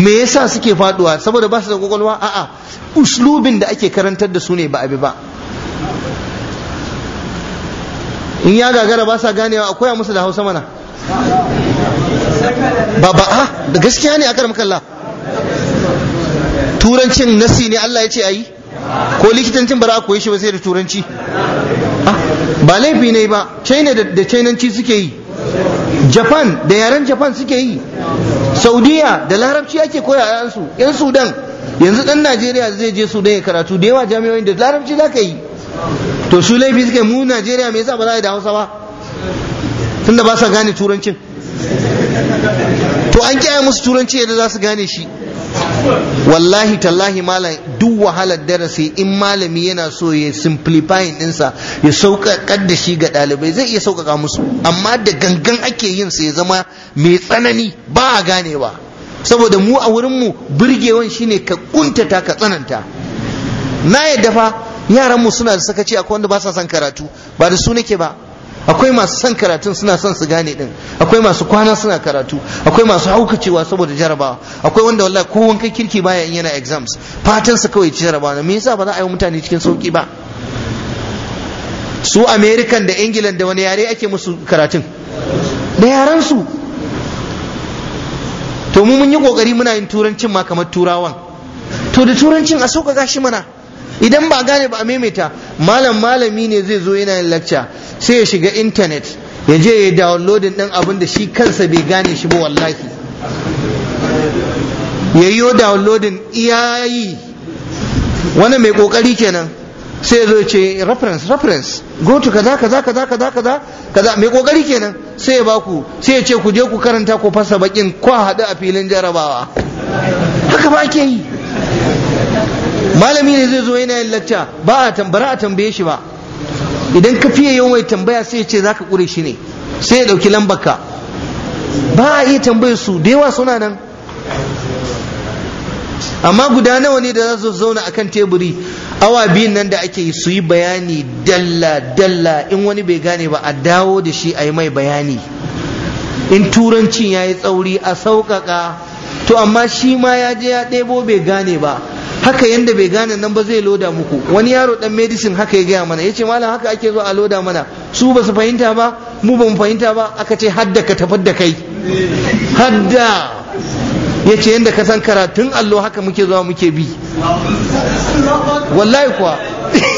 me yasa suke faduwa saboda ba su da kwakwalwa a'a uslubin da ake karantar da su ne ba abi ba in ya gagara ba sa ganewa a koya musu da hausa mana ba ba a da gaskiya ne a karam kalla turancin nasi ne Allah ya ce ayi ko likitancin ba za a koyi shi ba sai da turanci ba laifi ne ba china da chainanci suke yi japan da yaren japan suke yi saudiya da larabci ake koya a yansu yan sudan yanzu dan najeriya zai je sudan ya karatu da yawa jami'o'in da larabci za ka yi to su laifi suke mu najeriya me yasa ba za a yi da hausa ba tunda ba sa gane turancin to an kiyaye musu turanci yadda za su gane shi wallahi tallahi malam duk wahalar darasi in malami yana so ya simplify ɗinsa ya sauƙaƙar da shi ga ɗalibai zai iya sauƙaƙa musu amma da gangan ake yin sa ya zama mai tsanani ba a ganewa saboda mu a wurinmu burgewan shine ka kuntata ka tsananta na yadda fa yaranmu suna da sakaci akwai wanda ba sa son karatu ba da su nake ba akwai masu son karatu suna son su gane din akwai masu kwana suna karatu akwai masu haukacewa saboda jarabawa akwai wanda wallahi ko wanka kirki baya in yana exams fatan su kawai ci jarabawa me yasa ba za a yi mutane cikin sauki ba su american da england da wani yare ake musu karatun da yaran su to mu mun yi kokari muna yin turancin ma kamar turawan to da turancin a sauka gashi mana idan ba gane ba a maimaita malam malami ne zai zo yana yin lakca, sai ya shiga internet ya je ya downloadin din abin da shi kansa bai gane shi ba wallahi ya yi downloading iyayi wani mai kokari kenan sai zo ce reference reference go to kaza kaza kaza kaza kaza kaza mai kokari kenan sai ya baku sai ya ce ku je ku karanta ku fasa bakin ko haɗu a filin jarabawa haka ba ake yi malami ne zai zo yana yin lacca ba a tambara a tambaye shi ba idan ka fiye yau mai tambaya sai ya ce zaka kure shi ne sai ya dauki lambarka ba a iya tambaye su da yawa suna nan amma guda nawa ne da za su zauna a kan teburi awa biyun nan da ake su yi bayani dalla dalla in wani bai gane ba a dawo da shi a yi mai bayani in turancin ya yi tsauri a sauƙaƙa to amma shi ma ya je ya ɗebo bai gane ba haka yanda bai gane nan ba zai loda muku wani yaro dan medicine haka ya gaya mana yace malam haka ake zo a loda mana su basu fahimta ba mu ba fahimta ba aka ce hadda ka tafar da kai hadda yace yanda ka san karatun allo haka muke zuwa muke bi wallahi kuwa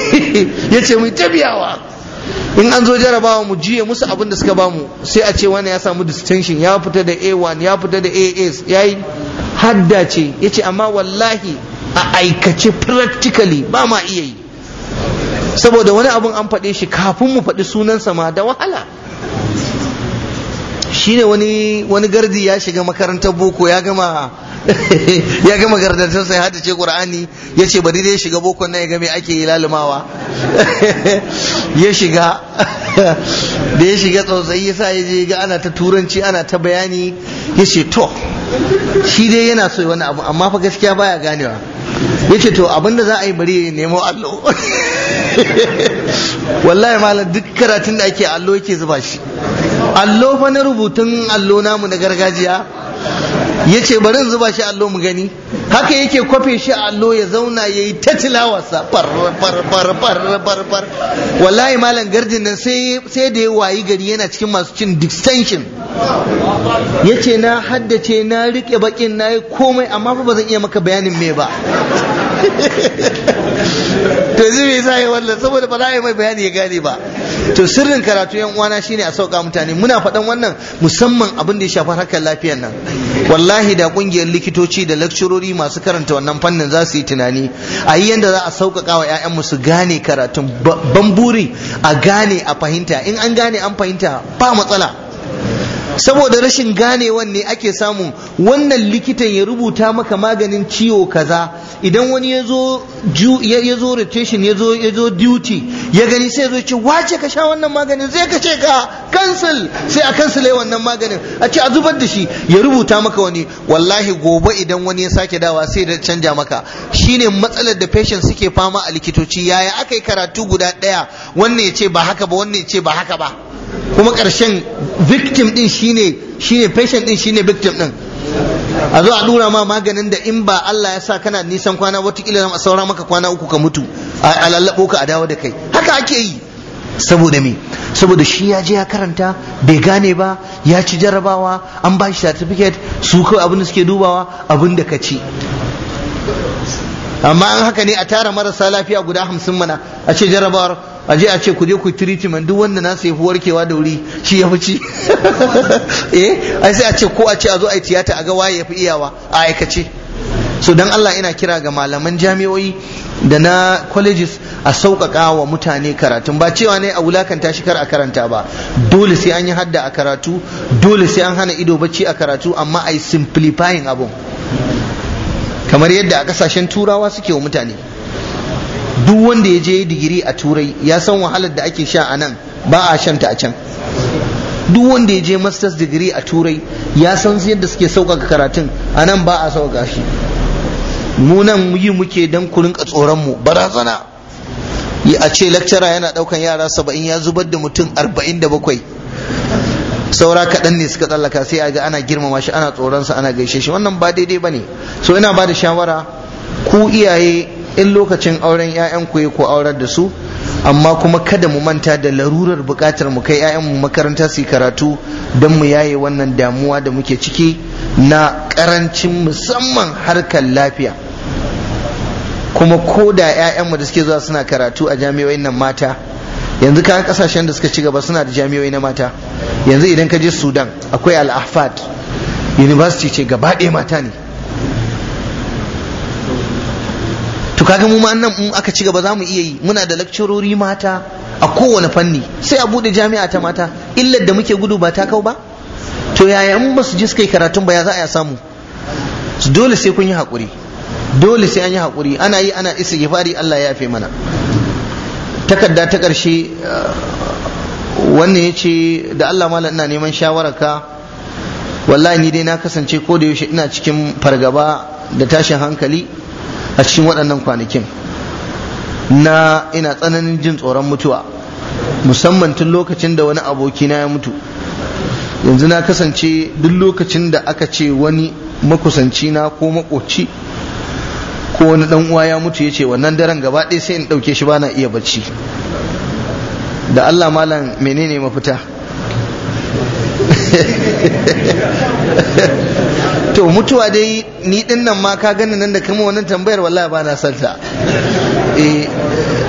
yace mu tabiyawa in an zo jarabawa mu jiye musu abin da suka mu sai a ce wani ya samu distinction ya fita da A1 ya fita da AAs yayi hadda ce yace amma wallahi a aikace practically ba ma iya yi saboda wani abun an faɗe shi kafin mu faɗi sunansa ma da wahala shine wani wani gardi ya shiga makarantar boko ya gama ya gama gardantar sai hada ce qur'ani yace bari dai shiga boko nan ya ga me ake lalumawa ya shiga da ya shiga tsautsayi yasa ya je ga ana ta turanci ana ta bayani yace to shi dai yana so wani abu amma fa gaskiya baya ganewa yace to abinda za a yi bari ya nemo allo wallahi malam duk karatun da ake allo yake zuba shi allo fa na rubutun allo namu na gargajiya ya ce bari zuba shi allo mu gani haka yake kwafe shi allo ya zauna ya yi ta tilawarsa far wallahi malam gardin nan sai da ya wayi gari yana cikin masu cin distension ya ce na haddace na riƙe bakin na yi komai amma ba zan iya maka bayanin me ba to zai me sa yi wannan saboda ba za a yi mai bayani ya gane ba to sirrin karatu yan uwana shine a sauka mutane muna faɗan wannan musamman abin da ya shafa harkar lafiyar nan wallahi da kungiyar likitoci da lakcurori masu karanta wannan fannin za su yi tunani a yi yanda za a sauƙaƙa wa mu su gane karatun bamburi a gane a fahimta in an gane an fahimta ba matsala saboda rashin ganewan ne ake samu, wannan likitan ya rubuta maka maganin ciwo kaza idan wani ya zo ya rotation ya zo duty ya gani sai ya zo ce wace ka sha wannan maganin zai ka ka cancel sai a cancel wannan maganin a ce a zubar da shi ya rubuta maka wani wallahi gobe idan wani ya sake dawa sai da canja maka shine matsalar da patient suke fama a likitoci yaya aka yi karatu guda ɗaya wannan ya ce ba haka ba wannan ya ce ba haka ba kuma ƙarshen victim din shine shine patient din shine victim din a zo a dura ma maganin da in ba Allah ya sa kana nisan kwana watakila a saura maka kwana uku ka mutu a lallabo ka a dawo da kai haka ake yi saboda me saboda shi ya je ya karanta bai gane ba ya ci jarabawa an ba shi certificate su kawai abin da suke dubawa abin da ka ci amma an haka ne a tara marasa lafiya guda hamsin mana a ce jarabawar a je a ce ku je ku treatment duk wanda na sai warkewa da wuri shi ya fi eh ai a ce ko a ce a zo a yi tiyata a ga waye ya fi iyawa a aikace so dan Allah ina kira ga malaman jami'o'i da na colleges a sauƙaƙa wa mutane karatun ba cewa ne a wulakanta shi kar a karanta ba dole sai an yi hadda a karatu dole sai an hana ido bacci a karatu amma a yi simplifying abun kamar yadda a kasashen turawa suke wa mutane duk wanda ya je digiri a turai ya san wahalar da ake sha a nan ba a shanta a can duk wanda ya je masters digiri a turai ya san yadda suke sauƙaƙa karatun a nan ba a sauƙaƙa shi mu nan yi muke don ku rinka tsoron mu barazana a ce lecturer yana ɗaukan yara saba'in ya zubar da mutum arba'in da bakwai saura kaɗan ne suka tsallaka sai a ga ana girmama shi ana tsoronsa ana gaishe shi wannan ba daidai ba ne so ina ba da shawara ku iyaye in lokacin auren yayan ku ku aurar da su amma kuma kada mu manta da larurar buƙatar mu kai yayan mu makaranta su karatu don mu yaye wannan damuwa da muke ciki na ƙarancin musamman harkar lafiya kuma ko da mu da suke zuwa suna karatu a jami'o'in nan mata yanzu kayan kasashen da suka ci gaba suna da jami'oi na mata yanzu idan ka je sudan akwai al-ahfad university ce gaba ɗaya mata ne to kaga mu ma nan aka ci gaba za iya yi muna da lakcurori mata a kowane fanni sai a bude jami'a ta mata illar da muke gudu ba ta kau ba to yaya in ba su je suka yi karatun ba ya za a samu dole sai kun yi haƙuri dole sai an yi haƙuri ana yi ana isa gifari Allah ya yafe mana takarda ta ƙarshe wannan ya ce da Allah malam ina neman shawararka wallahi ni dai na kasance ko da yaushe ina cikin fargaba da tashin hankali a cikin waɗannan kwanakin na ina tsananin jin tsoron mutuwa musamman tun lokacin da wani abokina ya mutu yanzu na kasance duk lokacin da aka ce wani makusanci na ko makoci ko wani dan uwa ya mutu yace wannan daren gaba ɗaya sai in ɗauke shi bana iya bacci da Allah malam menene mafita to mutuwa dai ni din nan ma ka gani nan da kuma wannan tambayar wallahi ba na salta eh,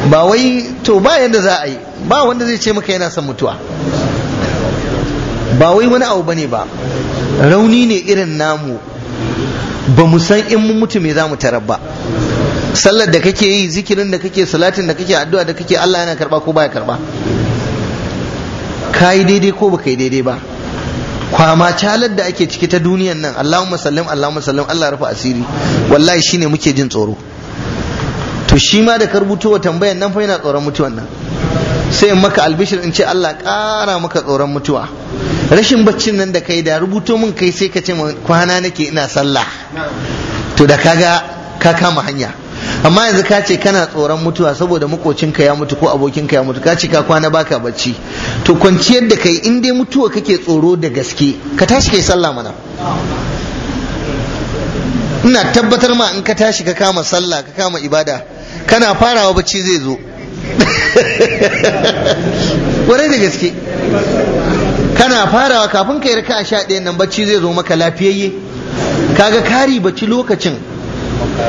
ba wai to ba yanda za a yi ba wanda zai ce maka yana son mutuwa ba wai wani abu bane ba rauni ne irin namu ba mu san in mun mutu me za mu tarar ba sallar da kake yi zikirin da kake salatin da kake addu'a da kake Allah yana karba ko baya karba kai daidai ko baka yi daidai ba kwama calar da ake ciki ta duniyan nan Allahumma sallim Allahumma sallim Allah rufa asiri wallahi shine muke jin tsoro to shi ma da wa tambayan nan fa yana tsoron mutuwan nan sai in maka albishir in ce Allah ƙara maka tsoron mutuwa rashin baccin nan da kai da rubuto min kai sai ka ce kwana nake ina sallah to da kaga ka kama hanya amma yanzu ka ce kana tsoron mutuwa saboda makocinka ya mutu ko abokinka ya mutu ka ce ka kwana baka bacci to kwanciyar da kai in dai mutuwa kake tsoro da gaske ka tashi kai sallah mana ina tabbatar ma in ka tashi ka kama sallah ka kama ibada kana farawa bacci zai zo kwarai da gaske kana farawa kafin ka yi raka a sha nan bacci zai zo maka lafiyayye kaga kari bacci lokacin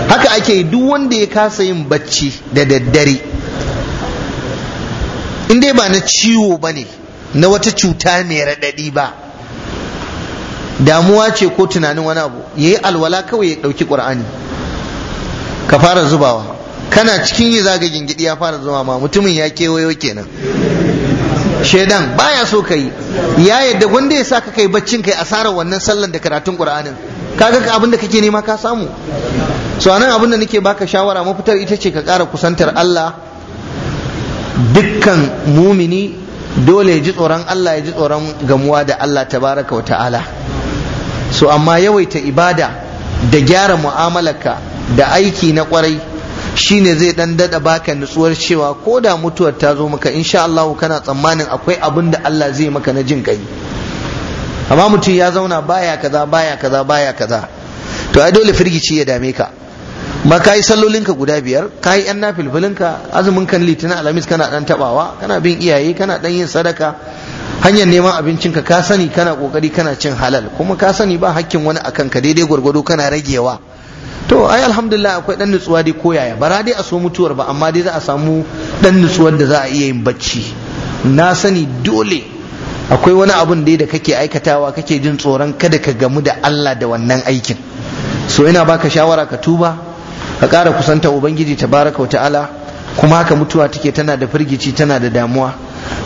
haka ake duk wanda ya kasa yin bacci da daddare in dai ba na ciwo ba ne na wata cuta mai raɗaɗi ba damuwa ce ko tunanin wani abu ya yi alwala kawai ya ɗauki ƙur'ani ka fara zubawa kana cikin yi zaga gingidi ya fara zama ma mutumin ya kewayo kenan shedan baya so kai ya yadda gwanda ya sa ka kai baccin kai asarar wannan sallan da karatun qur'anin kaga abin da kake nema ka samu so anan abin da nake baka shawara mafitar ita ce ka kara kusantar Allah dukkan mumini dole ya ji tsoron Allah ya ji tsoron gamuwa da Allah tabaraka wa ta'ala so amma yawaita ibada da gyara mu'amalarka da aiki na kwarai shine zai dan dada baka nutsuwar cewa ko da mutuwar ta zo maka insha Allah kana tsammanin akwai abin da Allah zai maka na jin kai amma mutum ya zauna baya kaza baya kaza baya kaza to ai dole firgici ya dame ka ma ka yi sallolinka guda biyar ka yi yan ka, azumin kan litinin alhamis kana dan tabawa kana bin iyaye kana dan yin sadaka hanyar neman abincin ka sani kana kokari kana cin halal kuma ka sani ba hakkin wani akan ka daidai gwargwado kana ragewa to ai alhamdulillah akwai dan nutsuwa dai ko yaya bara dai a so mutuwar ba amma dai za a samu dan nutsuwar da za a iya yin bacci na sani dole akwai wani abun dai da kake aikatawa kake jin tsoron kada ka gamu da Allah da wannan aikin so ina baka shawara ka tuba ka kara kusanta ubangiji tabaraka ta'ala kuma haka mutuwa take tana da firgici tana da damuwa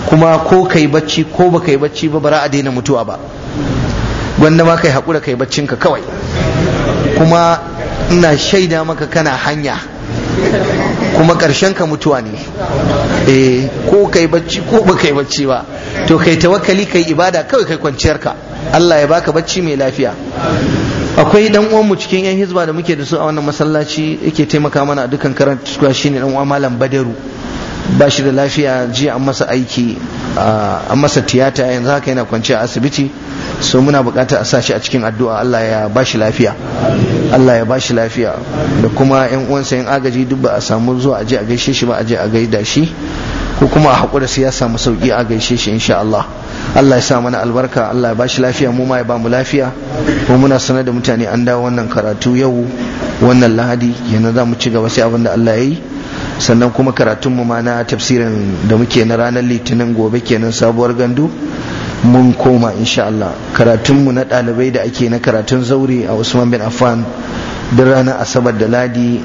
kuma ko kai bacci ko baka yi bacci ba bara a daina mutuwa ba gwanda ma kai haƙura kai baccin ka kawai kuma ina shaida maka kana hanya kuma ƙarshen ka mutuwa ne eh ko kai bacci ko ba kai bacci ba to kai tawakkali kai ibada kawai kai kwanciyar ka Allah ya baka bacci mai lafiya akwai dan uwan mu cikin yan hizba da muke da su a wannan masallaci yake taimaka mana a dukkan shine dan uwa malam Badaru ba shi da lafiya jiya an masa aiki an masa tiyata yanzu haka yana kwance a asibiti so muna bukata a sashi a cikin addu'a Allah ya ba shi lafiya Allah ya ba shi lafiya da kuma yan uwansa yan agaji duk ba a samu zuwa aje a gaishe shi ba aje a gaida shi ko kuma a hakura sai ya samu sauki a gaishe shi insha Allah Allah ya sa mana albarka Allah ya ba shi lafiya mu ma ya ba mu lafiya ko muna sanar da mutane an dawo wannan karatu yau wannan lahadi yana za mu ci gaba sai abin da Allah ya yi sannan kuma karatunmu ma na tafsirin da muke na ranar litinin gobe kenan sabuwar gandu mun koma insha Allah karatunmu na ɗalibai da ake na karatun zaure a Usman bin Affan duk ranar Asabar da Ladi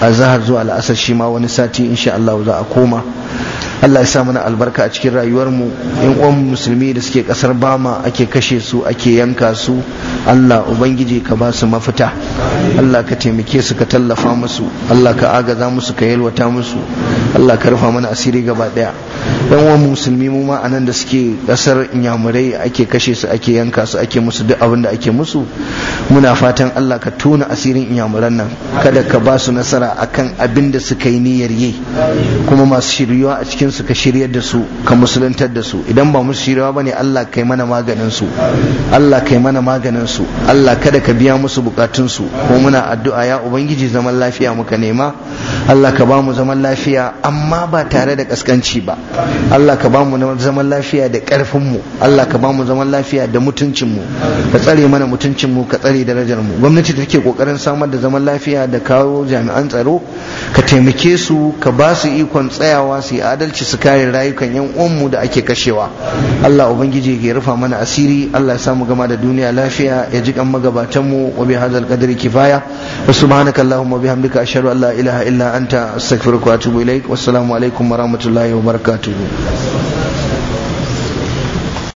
a zahar zuwa al'asar shi ma wani sati insha Allah za a koma Allah ya sa mana albarka a cikin rayuwar mu in uwan musulmi da suke kasar Bama ake kashe su ake yanka su Allah ubangiji ka ba su mafita Allah ka taimake su ka tallafa musu Allah ka agaza musu ka yalwata musu Allah ka rufa mana asiri gaba daya dan uwan musulmi mu ma anan da suke kasar inyamurai ake kashe su ake yanka su ake musu duk abin da ake musu muna fatan Allah ka tona asirin inyamuran nan kada ka ba su nasara nasara akan abin da suka yi niyyar yi kuma masu shiryuwa a cikin su ka shiryar da su ka musuluntar da su idan ba musu shiryuwa bane Allah kai mana maganin su Allah kai mana maganin su Allah kada ka biya musu bukatun su ko muna addu'a ya ubangiji zaman lafiya muka nema Allah ka ba mu zaman lafiya amma ba tare da kaskanci ba Allah ka ba mu zaman lafiya da karfin mu Allah ka ba mu zaman lafiya da mutuncin mu ka tsare mana mutuncin mu ka tsare darajar mu gwamnati take kokarin samar da zaman lafiya da kawo jami'an tsaro ka taimake su ka ba su ikon tsayawa su yi adalci su kare rayukan yan uwanmu da ake kashewa Allah ubangiji ya rufa mana asiri Allah ya samu gama da duniya lafiya ya ji kan magabatan mu wa bi hadzal qadri kifaya wa subhanaka allahumma bihamdika ashhadu an la ilaha illa anta astaghfiruka wa atubu ilaik wassalamu alaikum wa rahmatullahi wa barakatuh